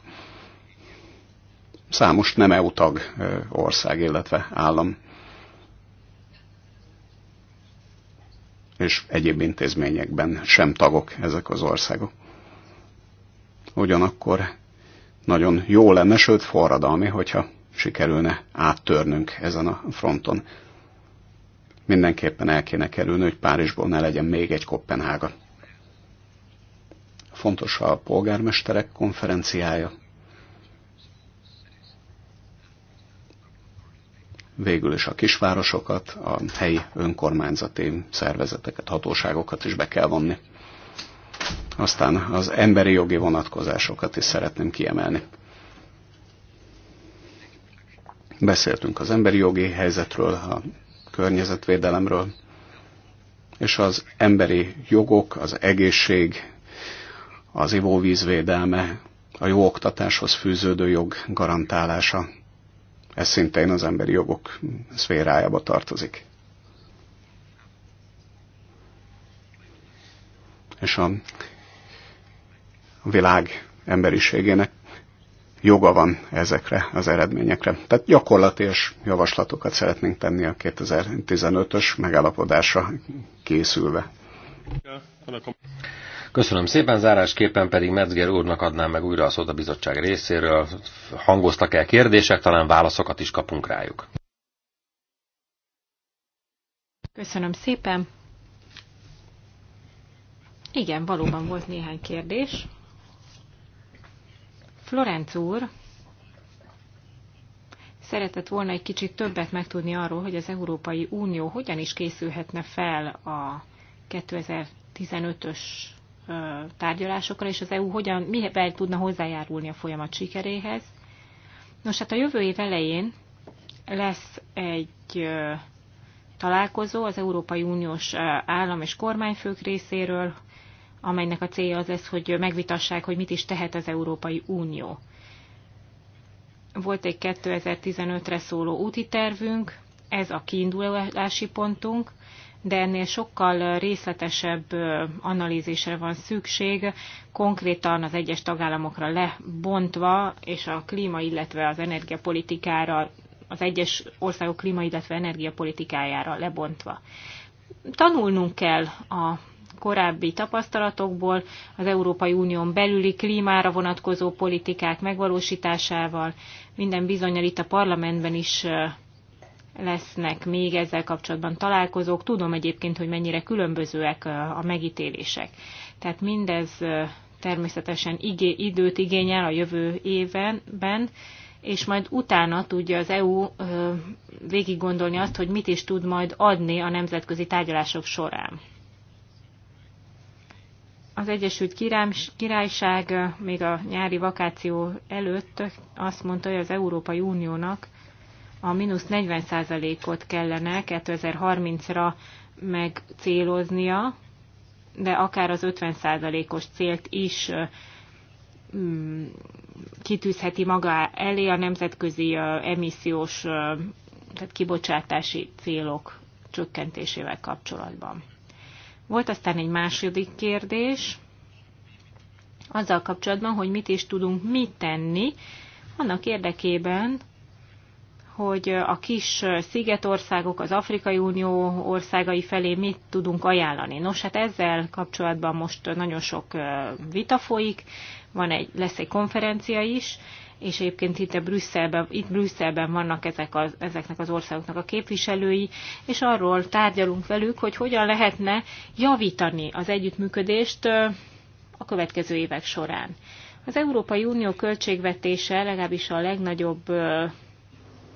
számos nem EU tag ország, illetve állam és egyéb intézményekben sem tagok ezek az országok. Ugyanakkor nagyon jó lenne, sőt forradalmi, hogyha sikerülne áttörnünk ezen a fronton. Mindenképpen el kéne kerülni, hogy Párizsból ne legyen még egy Kopenhága. Fontos a polgármesterek konferenciája, végül is a kisvárosokat, a helyi önkormányzati szervezeteket, hatóságokat is be kell vonni. Aztán az emberi jogi vonatkozásokat is szeretném kiemelni. Beszéltünk az emberi jogi helyzetről, a környezetvédelemről, és az emberi jogok, az egészség, az ivóvízvédelme, a jó oktatáshoz fűződő jog garantálása, ez szintén az emberi jogok szférájába tartozik. És a világ emberiségének joga van ezekre az eredményekre. Tehát gyakorlati és javaslatokat szeretnénk tenni a 2015-ös megállapodásra készülve. Yeah. Köszönöm szépen, zárásképpen pedig Metzger úrnak adnám meg újra a szót a bizottság részéről. Hangoztak el kérdések, talán válaszokat is kapunk rájuk. Köszönöm szépen. Igen, valóban volt néhány kérdés. Florenc úr szeretett volna egy kicsit többet megtudni arról, hogy az Európai Unió hogyan is készülhetne fel a 2000 15-ös tárgyalásokra, és az EU hogyan, miben tudna hozzájárulni a folyamat sikeréhez. Nos, hát a jövő év elején lesz egy találkozó az Európai Uniós állam és kormányfők részéről, amelynek a célja az lesz, hogy megvitassák, hogy mit is tehet az Európai Unió. Volt egy 2015-re szóló úti tervünk, ez a kiindulási pontunk, de ennél sokkal részletesebb analízisre van szükség, konkrétan az egyes tagállamokra lebontva, és a klíma, illetve az energiapolitikára, az egyes országok klíma, illetve energiapolitikájára lebontva. Tanulnunk kell a korábbi tapasztalatokból az Európai Unión belüli klímára vonatkozó politikák megvalósításával. Minden bizonyal itt a parlamentben is lesznek még ezzel kapcsolatban találkozók. Tudom egyébként, hogy mennyire különbözőek a megítélések. Tehát mindez természetesen igé, időt igényel a jövő évenben, és majd utána tudja az EU végig gondolni azt, hogy mit is tud majd adni a nemzetközi tárgyalások során. Az Egyesült Királyság még a nyári vakáció előtt azt mondta, hogy az Európai Uniónak a mínusz 40%-ot kellene 2030-ra megcéloznia, de akár az 50%-os célt is mm, kitűzheti maga elé a nemzetközi emissziós, tehát kibocsátási célok csökkentésével kapcsolatban. Volt aztán egy második kérdés, azzal kapcsolatban, hogy mit is tudunk mit tenni annak érdekében, hogy a kis szigetországok, az Afrikai Unió országai felé mit tudunk ajánlani. Nos, hát ezzel kapcsolatban most nagyon sok vita folyik, van egy, lesz egy konferencia is, és egyébként itt, a Brüsszelben, itt Brüsszelben vannak ezek az, ezeknek az országoknak a képviselői, és arról tárgyalunk velük, hogy hogyan lehetne javítani az együttműködést a következő évek során. Az Európai Unió költségvetése, legalábbis a legnagyobb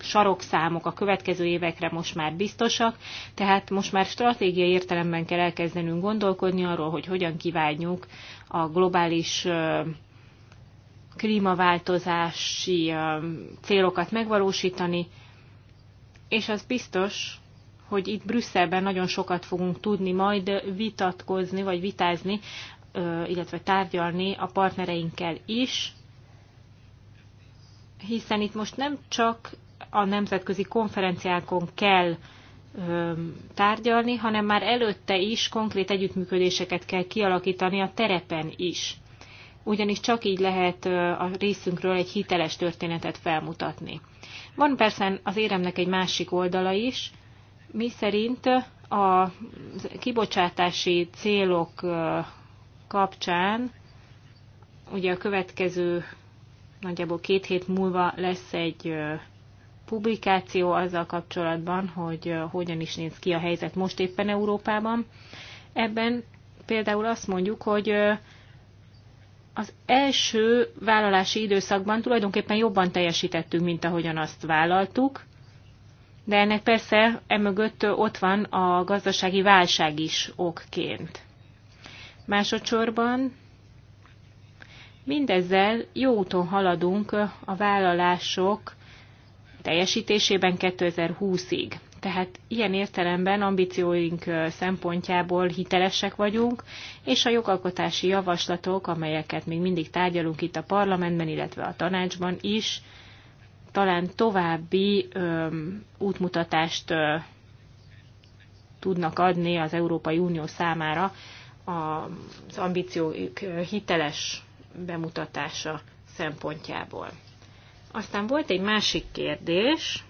sarokszámok a következő évekre most már biztosak, tehát most már stratégiai értelemben kell elkezdenünk gondolkodni arról, hogy hogyan kívánjuk a globális klímaváltozási célokat megvalósítani, és az biztos, hogy itt Brüsszelben nagyon sokat fogunk tudni majd vitatkozni, vagy vitázni, illetve tárgyalni a partnereinkkel is, hiszen itt most nem csak a nemzetközi konferenciákon kell tárgyalni, hanem már előtte is konkrét együttműködéseket kell kialakítani a terepen is. Ugyanis csak így lehet a részünkről egy hiteles történetet felmutatni. Van persze az éremnek egy másik oldala is, mi szerint a kibocsátási célok kapcsán ugye a következő nagyjából két hét múlva lesz egy publikáció azzal kapcsolatban, hogy hogyan is néz ki a helyzet most éppen Európában. Ebben például azt mondjuk, hogy az első vállalási időszakban tulajdonképpen jobban teljesítettünk, mint ahogyan azt vállaltuk, de ennek persze emögött ott van a gazdasági válság is okként. Másodszorban mindezzel jó úton haladunk a vállalások teljesítésében 2020-ig. Tehát ilyen értelemben ambícióink szempontjából hitelesek vagyunk, és a jogalkotási javaslatok, amelyeket még mindig tárgyalunk itt a parlamentben, illetve a tanácsban is, talán további ö, útmutatást ö, tudnak adni az Európai Unió számára az ambíciók hiteles bemutatása szempontjából. Aztán volt egy másik kérdés.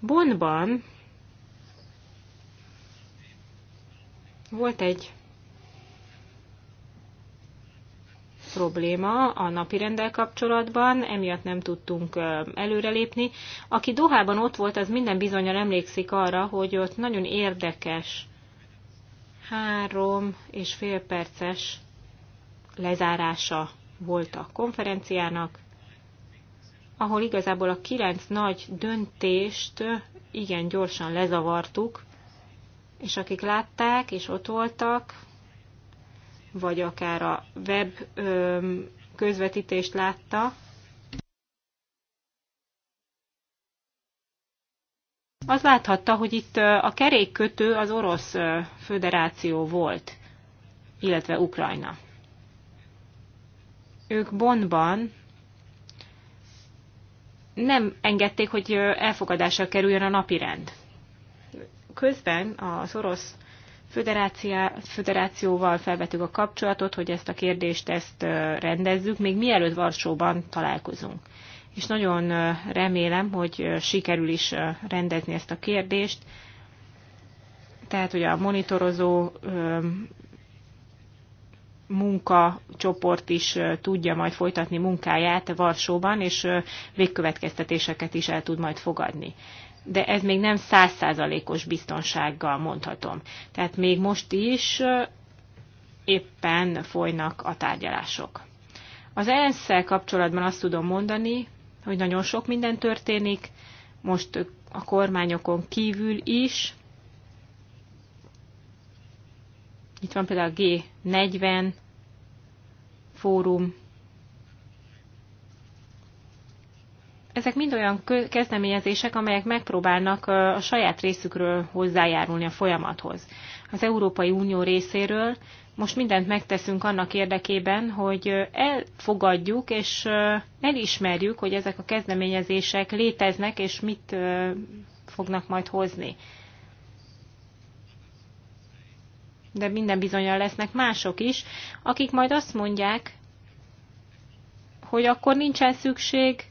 Bonban volt egy probléma a napi rendel kapcsolatban, emiatt nem tudtunk előrelépni. Aki Dohában ott volt, az minden bizonyal emlékszik arra, hogy ott nagyon érdekes három és fél perces lezárása volt a konferenciának, ahol igazából a kilenc nagy döntést igen gyorsan lezavartuk, és akik látták és ott voltak, vagy akár a web közvetítést látta, az láthatta, hogy itt a kerékkötő az orosz föderáció volt, illetve Ukrajna ők Bonban nem engedték, hogy elfogadásra kerüljön a napirend. Közben az orosz föderációval felvetük a kapcsolatot, hogy ezt a kérdést ezt rendezzük, még mielőtt Varsóban találkozunk. És nagyon remélem, hogy sikerül is rendezni ezt a kérdést, tehát hogy a monitorozó munkacsoport is tudja majd folytatni munkáját Varsóban, és végkövetkeztetéseket is el tud majd fogadni. De ez még nem százszázalékos biztonsággal mondhatom. Tehát még most is éppen folynak a tárgyalások. Az ensz kapcsolatban azt tudom mondani, hogy nagyon sok minden történik, most a kormányokon kívül is, Itt van például a G40 fórum. Ezek mind olyan kezdeményezések, amelyek megpróbálnak a saját részükről hozzájárulni a folyamathoz. Az Európai Unió részéről most mindent megteszünk annak érdekében, hogy elfogadjuk és elismerjük, hogy ezek a kezdeményezések léteznek, és mit fognak majd hozni. de minden bizonyal lesznek mások is, akik majd azt mondják, hogy akkor nincsen szükség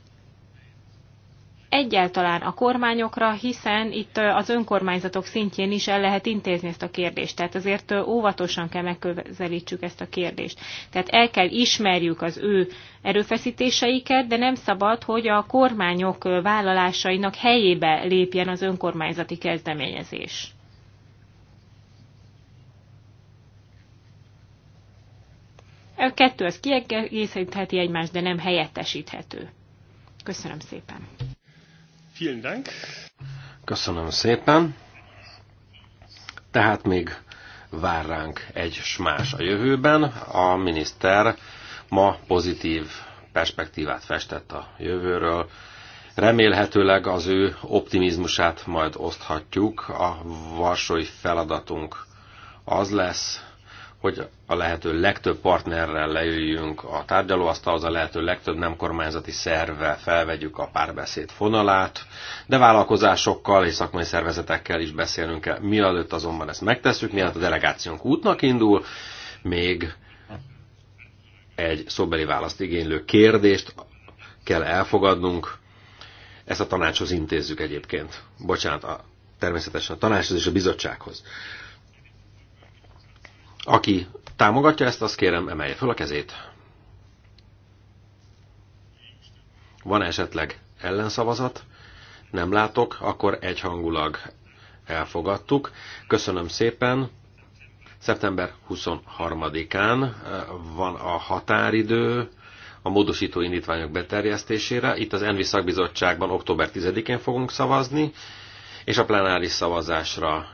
egyáltalán a kormányokra, hiszen itt az önkormányzatok szintjén is el lehet intézni ezt a kérdést. Tehát azért óvatosan kell megközelítsük ezt a kérdést. Tehát el kell ismerjük az ő erőfeszítéseiket, de nem szabad, hogy a kormányok vállalásainak helyébe lépjen az önkormányzati kezdeményezés. A kettő az kiegészítheti egymást, de nem helyettesíthető. Köszönöm szépen. Vielen Dank. Köszönöm szépen. Tehát még vár ránk egy smás a jövőben. A miniszter ma pozitív perspektívát festett a jövőről. Remélhetőleg az ő optimizmusát majd oszthatjuk. A varsói feladatunk az lesz, hogy a lehető legtöbb partnerrel leüljünk a tárgyalóasztalhoz, a lehető legtöbb nem kormányzati szervvel felvegyük a párbeszéd fonalát, de vállalkozásokkal és szakmai szervezetekkel is beszélnünk kell. Mielőtt azonban ezt megtesszük, mielőtt a delegációnk útnak indul, még egy szóbeli választ igénylő kérdést kell elfogadnunk. Ezt a tanácshoz intézzük egyébként. Bocsánat, a, természetesen a tanácshoz és a bizottsághoz. Aki támogatja ezt, azt kérem, emelje fel a kezét. Van esetleg ellenszavazat? Nem látok, akkor egyhangulag elfogadtuk. Köszönöm szépen. Szeptember 23-án eh, van a határidő a módosító indítványok beterjesztésére. Itt az Envi szakbizottságban október 10-én fogunk szavazni, és a plenáris szavazásra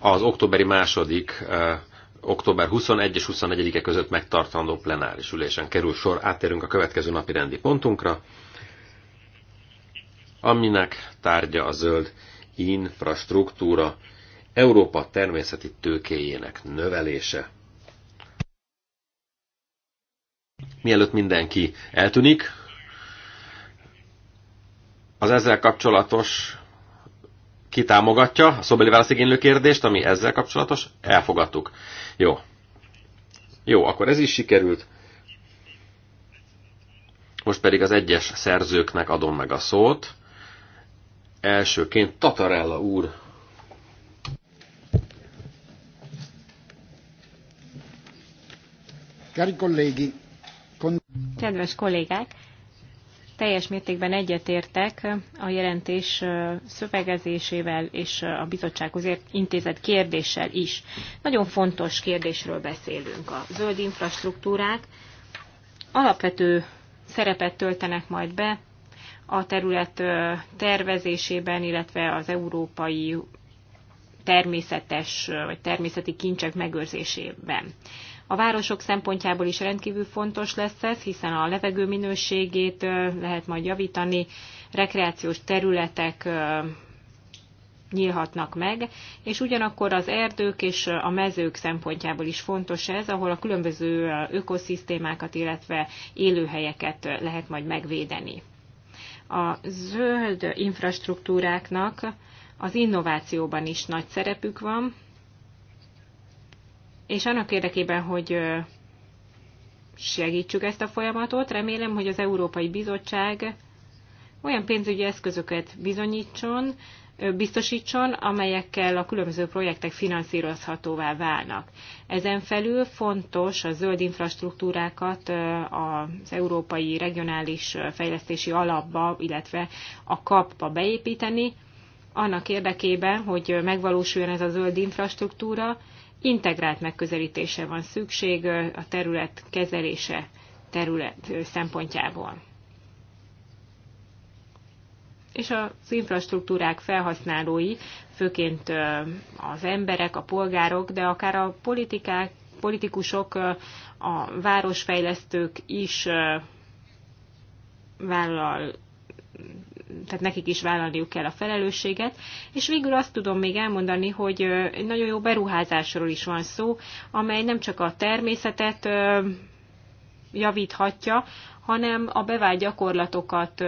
az októberi második, eh, október 21 és 24-e között megtartandó plenáris ülésen kerül sor. Áttérünk a következő napi rendi pontunkra, aminek tárgya a zöld infrastruktúra Európa természeti tőkéjének növelése. Mielőtt mindenki eltűnik, az ezzel kapcsolatos ki támogatja a szobeli válaszigénylő kérdést, ami ezzel kapcsolatos? Elfogadtuk. Jó. Jó, akkor ez is sikerült. Most pedig az egyes szerzőknek adom meg a szót. Elsőként Tatarella úr. Kedves kollégák, teljes mértékben egyetértek a jelentés szövegezésével és a bizottsághoz intézett kérdéssel is. Nagyon fontos kérdésről beszélünk. A zöld infrastruktúrák alapvető szerepet töltenek majd be a terület tervezésében, illetve az európai természetes vagy természeti kincsek megőrzésében. A városok szempontjából is rendkívül fontos lesz ez, hiszen a levegő minőségét lehet majd javítani, rekreációs területek nyílhatnak meg, és ugyanakkor az erdők és a mezők szempontjából is fontos ez, ahol a különböző ökoszisztémákat, illetve élőhelyeket lehet majd megvédeni. A zöld infrastruktúráknak az innovációban is nagy szerepük van, és annak érdekében, hogy segítsük ezt a folyamatot, remélem, hogy az Európai Bizottság olyan pénzügyi eszközöket bizonyítson, biztosítson, amelyekkel a különböző projektek finanszírozhatóvá válnak. Ezen felül fontos a zöld infrastruktúrákat az Európai Regionális Fejlesztési Alapba, illetve a kapba beépíteni, annak érdekében, hogy megvalósuljon ez a zöld infrastruktúra, integrált megközelítése van szükség a terület kezelése terület szempontjából. És az infrastruktúrák felhasználói, főként az emberek, a polgárok, de akár a politikák, politikusok, a városfejlesztők is vállal tehát nekik is vállalniuk kell a felelősséget. És végül azt tudom még elmondani, hogy egy nagyon jó beruházásról is van szó, amely nem csak a természetet javíthatja, hanem a bevált gyakorlatokat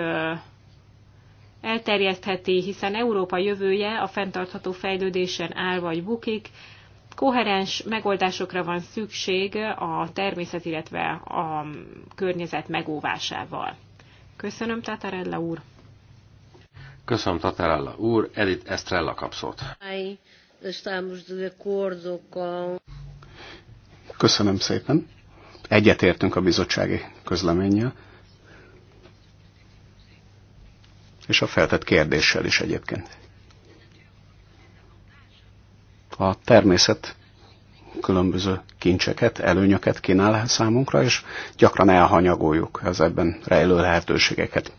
elterjesztheti, hiszen Európa jövője a fenntartható fejlődésen áll vagy bukik, koherens megoldásokra van szükség a természet, illetve a környezet megóvásával. Köszönöm, Tatarella úr! Köszönöm, Tatarella úr. Edith Estrella kapszót. Köszönöm szépen. Egyetértünk a bizottsági közleménnyel. És a feltett kérdéssel is egyébként. A természet különböző kincseket, előnyöket kínál számunkra, és gyakran elhanyagoljuk az ebben rejlő lehetőségeket.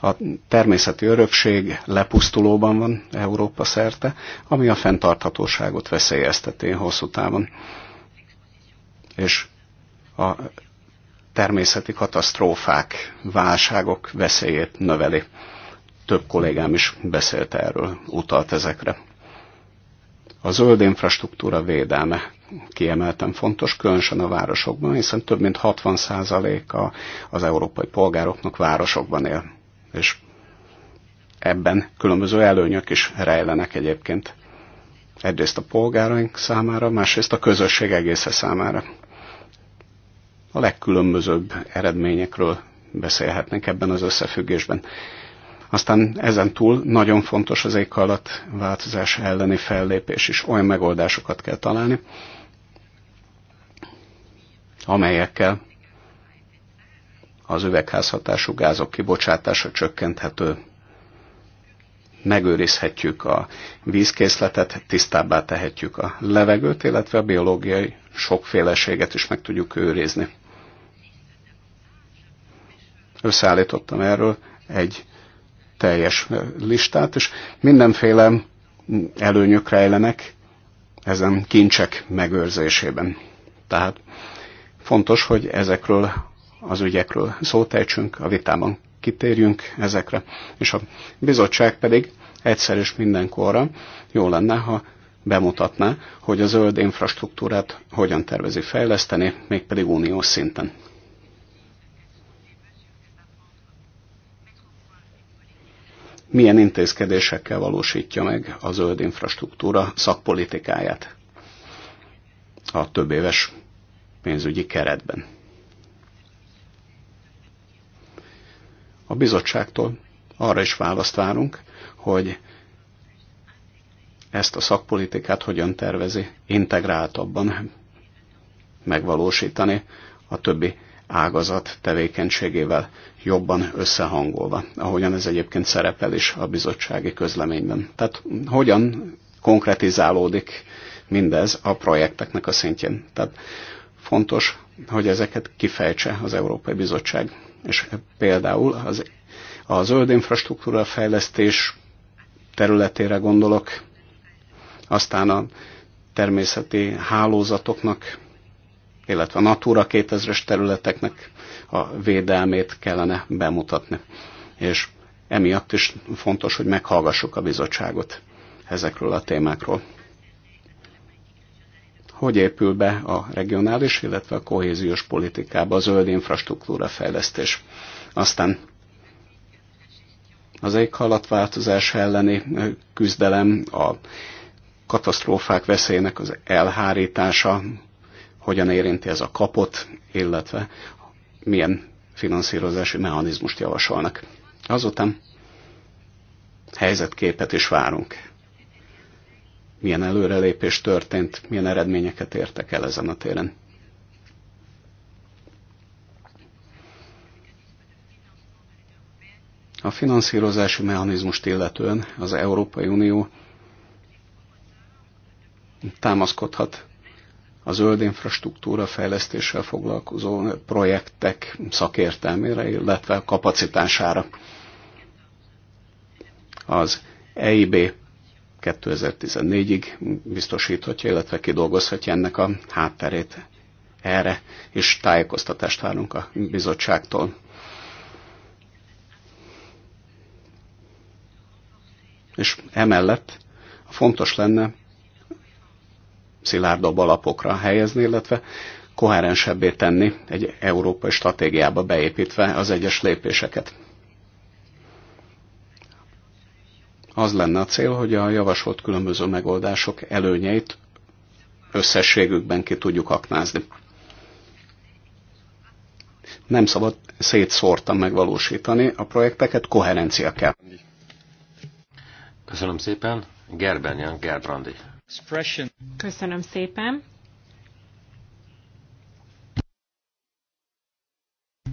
A természeti örökség lepusztulóban van Európa szerte, ami a fenntarthatóságot veszélyezteti hosszú távon. És a természeti katasztrófák, válságok veszélyét növeli. Több kollégám is beszélt erről, utalt ezekre. A zöld infrastruktúra védelme kiemelten fontos, különösen a városokban, hiszen több mint 60%-a az európai polgároknak városokban él és ebben különböző előnyök is rejlenek egyébként. Egyrészt a polgáraink számára, másrészt a közösség egésze számára. A legkülönbözőbb eredményekről beszélhetnek ebben az összefüggésben. Aztán ezen túl nagyon fontos az éghajlat változás elleni fellépés is. Olyan megoldásokat kell találni, amelyekkel az üvegházhatású gázok kibocsátása csökkenthető. Megőrizhetjük a vízkészletet, tisztábbá tehetjük a levegőt, illetve a biológiai sokféleséget is meg tudjuk őrizni. Összeállítottam erről egy teljes listát, és mindenféle előnyök rejlenek ezen kincsek megőrzésében. Tehát fontos, hogy ezekről az ügyekről szót ejtsünk, a vitában kitérjünk ezekre. És a bizottság pedig egyszer és mindenkorra jó lenne, ha bemutatná, hogy a zöld infrastruktúrát hogyan tervezi fejleszteni, mégpedig uniós szinten. Milyen intézkedésekkel valósítja meg a zöld infrastruktúra szakpolitikáját a több éves pénzügyi keretben. a bizottságtól arra is választ várunk, hogy ezt a szakpolitikát hogyan tervezi integráltabban megvalósítani a többi ágazat tevékenységével jobban összehangolva, ahogyan ez egyébként szerepel is a bizottsági közleményben. Tehát hogyan konkretizálódik mindez a projekteknek a szintjén. Tehát fontos, hogy ezeket kifejtse az Európai Bizottság és például az, a zöld infrastruktúra fejlesztés területére gondolok, aztán a természeti hálózatoknak, illetve a Natura 2000-es területeknek a védelmét kellene bemutatni. És emiatt is fontos, hogy meghallgassuk a bizottságot ezekről a témákról hogy épül be a regionális, illetve a kohéziós politikába a zöld infrastruktúra fejlesztés. Aztán az éghalatváltozás elleni küzdelem, a katasztrófák veszélyének az elhárítása, hogyan érinti ez a kapot, illetve milyen finanszírozási mechanizmust javasolnak. Azután helyzetképet is várunk milyen előrelépés történt, milyen eredményeket értek el ezen a téren. A finanszírozási mechanizmust illetően az Európai Unió támaszkodhat a zöld infrastruktúra fejlesztéssel foglalkozó projektek szakértelmére, illetve kapacitására. Az EIB 2014-ig biztosíthatja, illetve kidolgozhatja ennek a hátterét erre, és tájékoztatást várunk a bizottságtól. És emellett fontos lenne szilárdabb alapokra helyezni, illetve koherensebbé tenni egy európai stratégiába beépítve az egyes lépéseket. Az lenne a cél, hogy a javasolt különböző megoldások előnyeit összességükben ki tudjuk aknázni. Nem szabad szétszórtan megvalósítani a projekteket, koherencia kell. Köszönöm szépen. Gerbenyan Gerbrandi. Köszönöm szépen.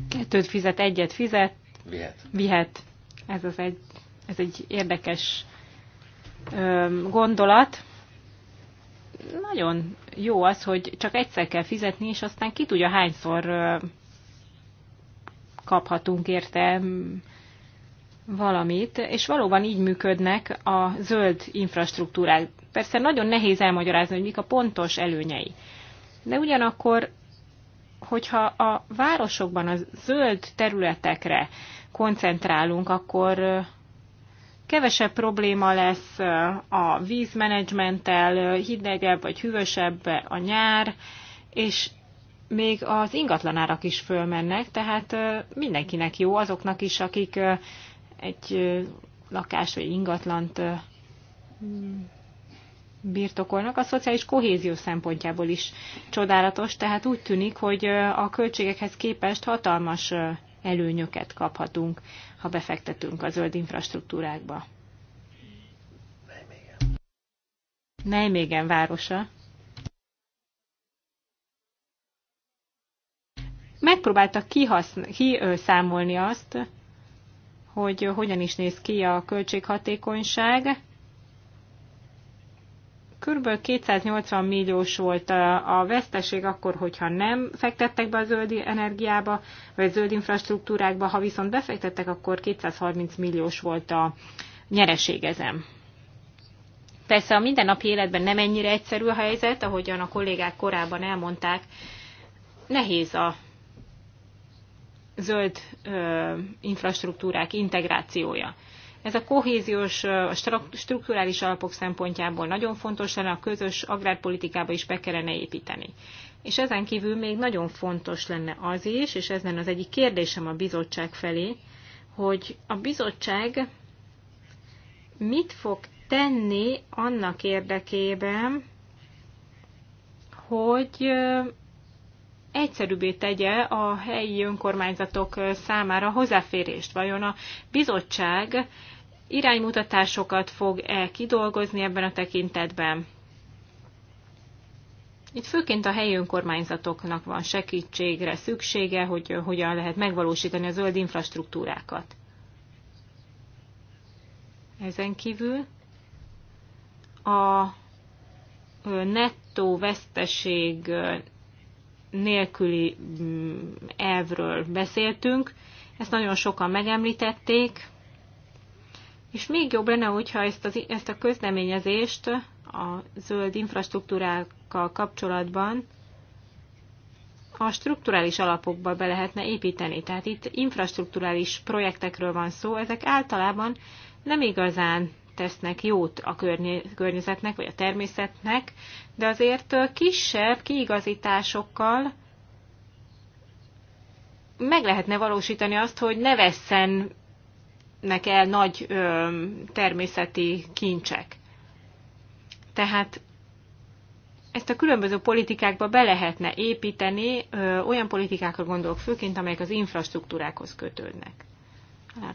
Kettőt fizet, egyet fizet. Vihet. Vihet. Ez az egy ez egy érdekes gondolat. Nagyon jó az, hogy csak egyszer kell fizetni, és aztán ki tudja hányszor kaphatunk érte valamit, és valóban így működnek a zöld infrastruktúrák. Persze nagyon nehéz elmagyarázni, hogy mik a pontos előnyei. De ugyanakkor, hogyha a városokban a zöld területekre koncentrálunk, akkor kevesebb probléma lesz a vízmenedzsmenttel, hidegebb vagy hűvösebb a nyár, és még az ingatlanárak is fölmennek, tehát mindenkinek jó, azoknak is, akik egy lakás vagy ingatlant birtokolnak, a szociális kohézió szempontjából is csodálatos, tehát úgy tűnik, hogy a költségekhez képest hatalmas előnyöket kaphatunk, ha befektetünk a zöld infrastruktúrákba. Nijmegen, városa. Megpróbáltak kiszámolni azt, hogy hogyan is néz ki a költséghatékonyság, Kb. 280 milliós volt a veszteség akkor, hogyha nem fektettek be a zöld energiába, vagy zöld infrastruktúrákba, ha viszont befektettek, akkor 230 milliós volt a nyereség ezen. Persze a mindennapi életben nem ennyire egyszerű a helyzet, ahogyan a kollégák korábban elmondták, nehéz a zöld ö, infrastruktúrák integrációja. Ez a kohéziós, a strukturális alapok szempontjából nagyon fontos lenne, a közös agrárpolitikába is be kellene építeni. És ezen kívül még nagyon fontos lenne az is, és ez lenne az egyik kérdésem a bizottság felé, hogy a bizottság mit fog tenni annak érdekében, hogy egyszerűbbé tegye a helyi önkormányzatok számára hozzáférést. Vajon a bizottság iránymutatásokat fog-e kidolgozni ebben a tekintetben? Itt főként a helyi önkormányzatoknak van segítségre szüksége, hogy hogyan lehet megvalósítani a zöld infrastruktúrákat. Ezen kívül a nettó veszteség nélküli mm, elvről beszéltünk, ezt nagyon sokan megemlítették, és még jobb lenne, hogyha ezt, az, ezt a közleményezést a zöld infrastruktúrákkal kapcsolatban a strukturális alapokba be lehetne építeni. Tehát itt infrastruktúrális projektekről van szó, ezek általában nem igazán tesznek jót a környezetnek vagy a természetnek, de azért kisebb kiigazításokkal meg lehetne valósítani azt, hogy ne vesszenek el nagy ö, természeti kincsek. Tehát ezt a különböző politikákba be lehetne építeni, ö, olyan politikákra gondolok főként, amelyek az infrastruktúrákhoz kötődnek. Alá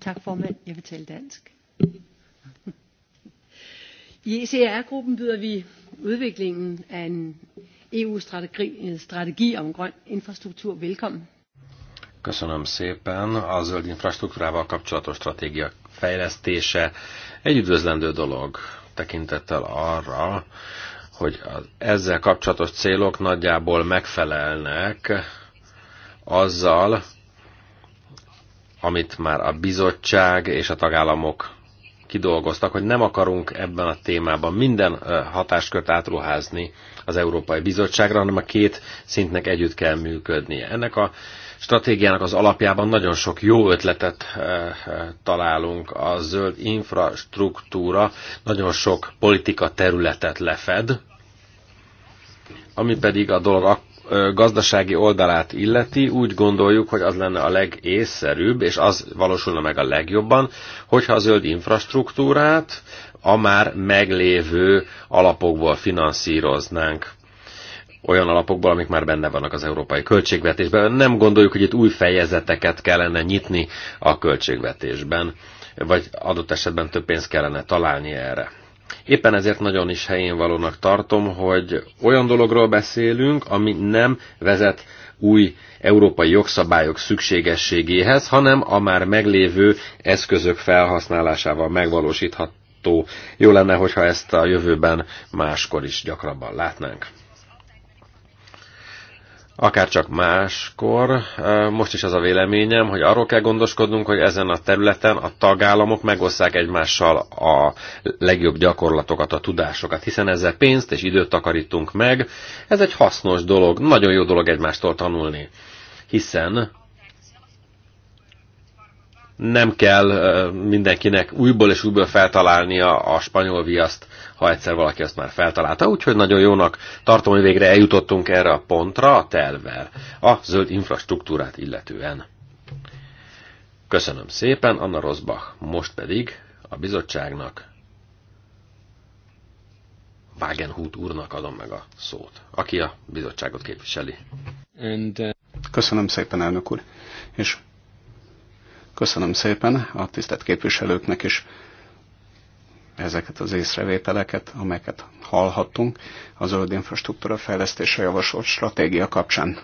Tak formand. Jeg vil tale dansk. I ECR-gruppen byder vi udviklingen af en EU-strategi strategi om grøn infrastruktur velkommen. Köszönöm szépen. A zöld infrastruktúrával kapcsolatos stratégia fejlesztése egy üdvözlendő dolog tekintettel arra, hogy az ezzel kapcsolatos célok nagyjából megfelelnek azzal, amit már a bizottság és a tagállamok kidolgoztak, hogy nem akarunk ebben a témában minden hatáskört átruházni az Európai Bizottságra, hanem a két szintnek együtt kell működnie. Ennek a stratégiának az alapjában nagyon sok jó ötletet találunk. A zöld infrastruktúra nagyon sok politika területet lefed, ami pedig a dolog gazdasági oldalát illeti, úgy gondoljuk, hogy az lenne a legészszerűbb, és az valósulna meg a legjobban, hogyha a zöld infrastruktúrát a már meglévő alapokból finanszíroznánk olyan alapokból, amik már benne vannak az európai költségvetésben. Nem gondoljuk, hogy itt új fejezeteket kellene nyitni a költségvetésben, vagy adott esetben több pénzt kellene találni erre. Éppen ezért nagyon is helyén valónak tartom, hogy olyan dologról beszélünk, ami nem vezet új európai jogszabályok szükségességéhez, hanem a már meglévő eszközök felhasználásával megvalósítható. Jó lenne, hogyha ezt a jövőben máskor is gyakrabban látnánk akár csak máskor. Most is az a véleményem, hogy arról kell gondoskodnunk, hogy ezen a területen a tagállamok megosszák egymással a legjobb gyakorlatokat, a tudásokat, hiszen ezzel pénzt és időt takarítunk meg. Ez egy hasznos dolog, nagyon jó dolog egymástól tanulni, hiszen nem kell mindenkinek újból és újból feltalálnia a spanyol viaszt, ha egyszer valaki azt már feltalálta. Úgyhogy nagyon jónak tartom, hogy végre eljutottunk erre a pontra a telvel, a zöld infrastruktúrát illetően. Köszönöm szépen, Anna Rosbach. Most pedig a bizottságnak, Wagenhut úrnak adom meg a szót, aki a bizottságot képviseli. And, uh... Köszönöm szépen, elnök úr. És Köszönöm szépen a tisztelt képviselőknek is ezeket az észrevételeket, amelyeket hallhattunk a zöld infrastruktúra fejlesztése javasolt stratégia kapcsán.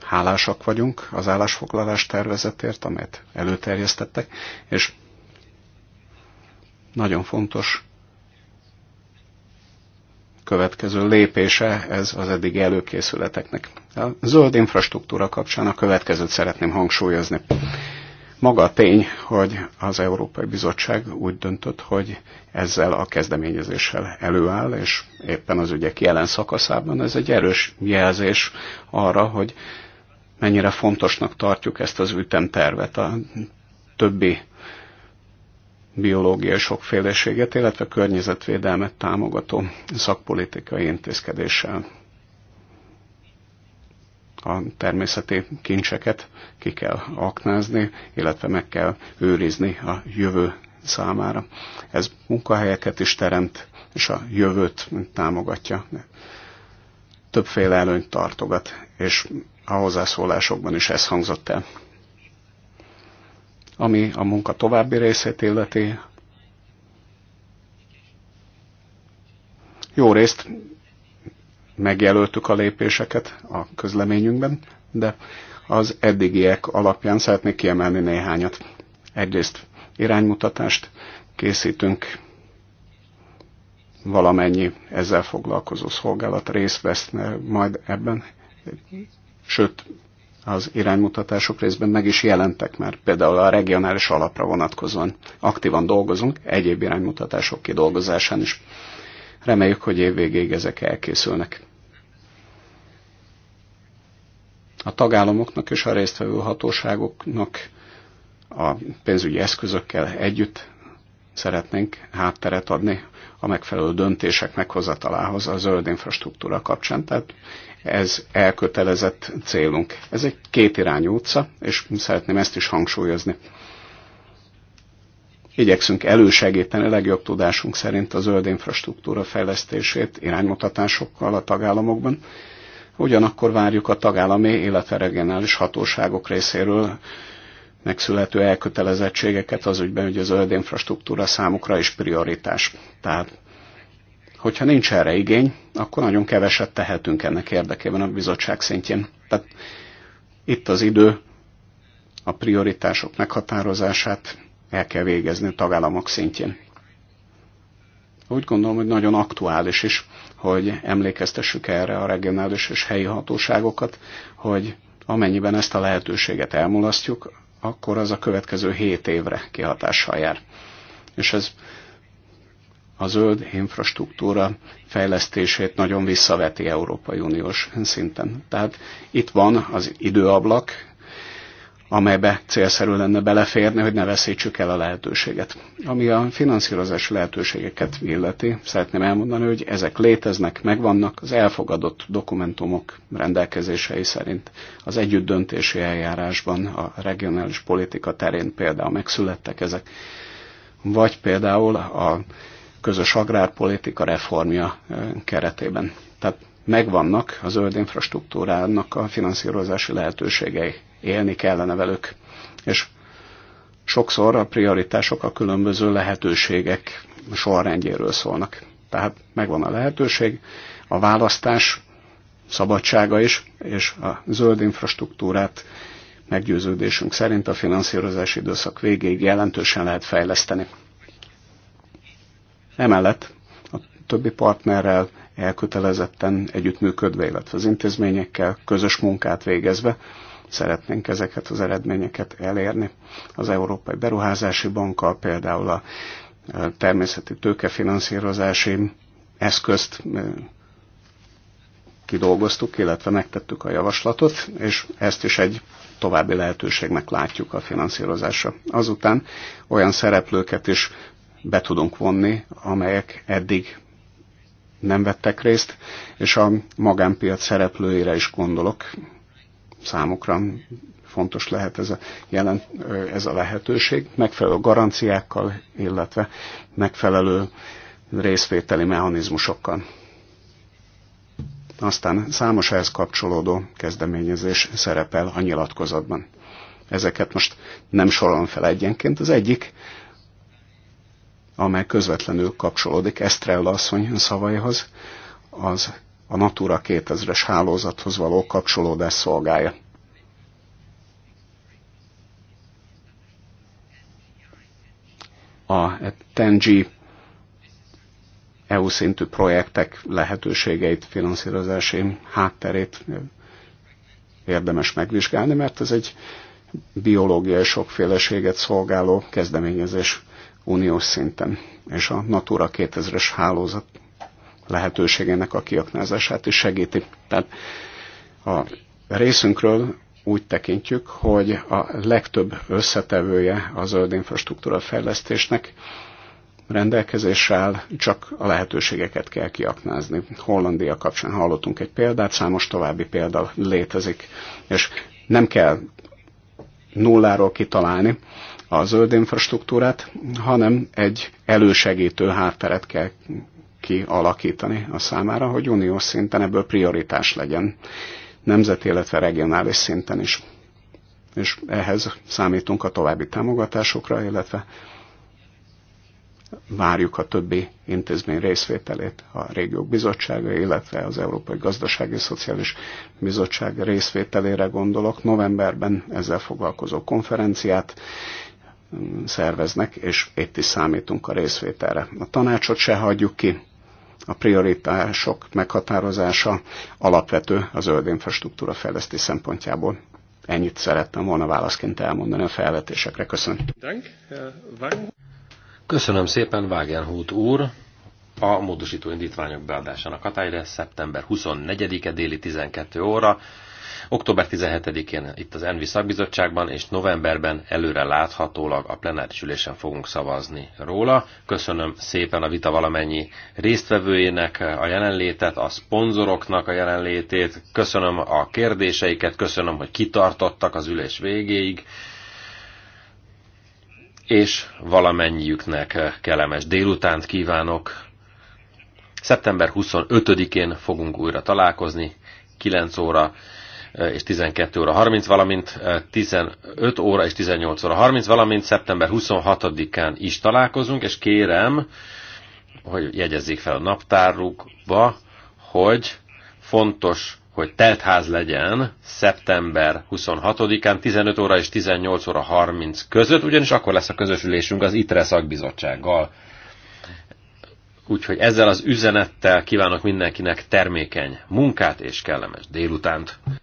Hálásak vagyunk az állásfoglalás tervezetért, amelyet előterjesztettek, és nagyon fontos következő lépése ez az eddig előkészületeknek. A zöld infrastruktúra kapcsán a következőt szeretném hangsúlyozni. Maga a tény, hogy az Európai Bizottság úgy döntött, hogy ezzel a kezdeményezéssel előáll, és éppen az ügyek jelen szakaszában ez egy erős jelzés arra, hogy mennyire fontosnak tartjuk ezt az ütemtervet a többi biológiai sokféleséget, illetve környezetvédelmet támogató szakpolitikai intézkedéssel a természeti kincseket ki kell aknázni, illetve meg kell őrizni a jövő számára. Ez munkahelyeket is teremt, és a jövőt támogatja. Többféle előnyt tartogat, és a hozzászólásokban is ez hangzott el. Ami a munka további részét illeti, jó részt megjelöltük a lépéseket a közleményünkben, de az eddigiek alapján szeretnék kiemelni néhányat. Egyrészt iránymutatást készítünk, valamennyi ezzel foglalkozó szolgálat részt vesz majd ebben, sőt, az iránymutatások részben meg is jelentek mert például a regionális alapra vonatkozóan aktívan dolgozunk, egyéb iránymutatások kidolgozásán is. Reméljük, hogy évvégéig ezek elkészülnek. A tagállamoknak és a résztvevő hatóságoknak a pénzügyi eszközökkel együtt szeretnénk hátteret adni a megfelelő döntések meghozatalához a zöld infrastruktúra kapcsán. Tehát ez elkötelezett célunk. Ez egy kétirányú utca, és szeretném ezt is hangsúlyozni. Igyekszünk elősegíteni a legjobb tudásunk szerint a zöld infrastruktúra fejlesztését iránymutatásokkal a tagállamokban. Ugyanakkor várjuk a tagállami, illetve regionális hatóságok részéről megszülető elkötelezettségeket az ügyben, hogy a zöld infrastruktúra számukra is prioritás. Tehát Hogyha nincs erre igény, akkor nagyon keveset tehetünk ennek érdekében a bizottság szintjén. Tehát itt az idő a prioritások meghatározását el kell végezni a tagállamok szintjén. Úgy gondolom, hogy nagyon aktuális is, hogy emlékeztessük erre a regionális és helyi hatóságokat, hogy amennyiben ezt a lehetőséget elmulasztjuk, akkor az a következő 7 évre kihatással jár. És ez a zöld infrastruktúra fejlesztését nagyon visszaveti Európai Uniós szinten. Tehát itt van az időablak, amelybe célszerű lenne beleférni, hogy ne veszítsük el a lehetőséget. Ami a finanszírozási lehetőségeket illeti, szeretném elmondani, hogy ezek léteznek, megvannak az elfogadott dokumentumok rendelkezései szerint. Az együttdöntési eljárásban a regionális politika terén például megszülettek ezek, vagy például a közös agrárpolitika reformja keretében. Tehát megvannak a zöld infrastruktúrának a finanszírozási lehetőségei, élni kellene velük, és sokszor a prioritások a különböző lehetőségek sorrendjéről szólnak. Tehát megvan a lehetőség, a választás szabadsága is, és a zöld infrastruktúrát meggyőződésünk szerint a finanszírozási időszak végéig jelentősen lehet fejleszteni. Emellett a többi partnerrel elkötelezetten együttműködve, illetve az intézményekkel közös munkát végezve szeretnénk ezeket az eredményeket elérni. Az Európai Beruházási Bankkal például a e, természeti tőkefinanszírozási eszközt e, kidolgoztuk, illetve megtettük a javaslatot, és ezt is egy további lehetőségnek látjuk a finanszírozásra. Azután olyan szereplőket is be tudunk vonni, amelyek eddig nem vettek részt, és a magánpiac szereplőire is gondolok, számukra fontos lehet ez a, jelen, ez a lehetőség, megfelelő garanciákkal, illetve megfelelő részvételi mechanizmusokkal. Aztán számos ehhez kapcsolódó kezdeményezés szerepel a nyilatkozatban. Ezeket most nem sorolom fel egyenként. Az egyik amely közvetlenül kapcsolódik Estrella asszony szavaihoz, az a Natura 2000-es hálózathoz való kapcsolódás szolgálja. A TNG EU szintű projektek lehetőségeit, finanszírozási hátterét érdemes megvizsgálni, mert ez egy biológiai sokféleséget szolgáló kezdeményezés uniós szinten, és a Natura 2000-es hálózat lehetőségének a kiaknázását is segíti. Tehát a részünkről úgy tekintjük, hogy a legtöbb összetevője a zöld infrastruktúra fejlesztésnek rendelkezésre áll, csak a lehetőségeket kell kiaknázni. Hollandia kapcsán hallottunk egy példát, számos további példa létezik, és nem kell nulláról kitalálni a zöld infrastruktúrát, hanem egy elősegítő hátteret kell kialakítani a számára, hogy uniós szinten ebből prioritás legyen, nemzeti, illetve regionális szinten is. És ehhez számítunk a további támogatásokra, illetve várjuk a többi intézmény részvételét, a régiók bizottsága, illetve az Európai Gazdasági Szociális Bizottság részvételére gondolok. Novemberben ezzel foglalkozó konferenciát szerveznek, és itt is számítunk a részvételre. A tanácsot se hagyjuk ki, a prioritások meghatározása alapvető a zöld infrastruktúra fejlesztés szempontjából. Ennyit szerettem volna válaszként elmondani a felvetésekre. Köszönöm. Köszönöm szépen, Wagenhut úr. A módosító indítványok beadásának hatályra szeptember 24-e déli 12 óra. Október 17-én itt az Envi szakbizottságban, és novemberben előre láthatólag a plenáris ülésen fogunk szavazni róla. Köszönöm szépen a vita valamennyi résztvevőjének a jelenlétet, a szponzoroknak a jelenlétét, köszönöm a kérdéseiket, köszönöm, hogy kitartottak az ülés végéig és valamennyiüknek kellemes délutánt kívánok. Szeptember 25-én fogunk újra találkozni, 9 óra és 12 óra 30, valamint 15 óra és 18 óra 30, valamint szeptember 26-án is találkozunk, és kérem, hogy jegyezzék fel a naptárukba, hogy fontos, hogy teltház legyen szeptember 26-án 15 óra és 18 óra 30 között, ugyanis akkor lesz a közösülésünk az ITRE szakbizottsággal. Úgyhogy ezzel az üzenettel kívánok mindenkinek termékeny munkát és kellemes délutánt.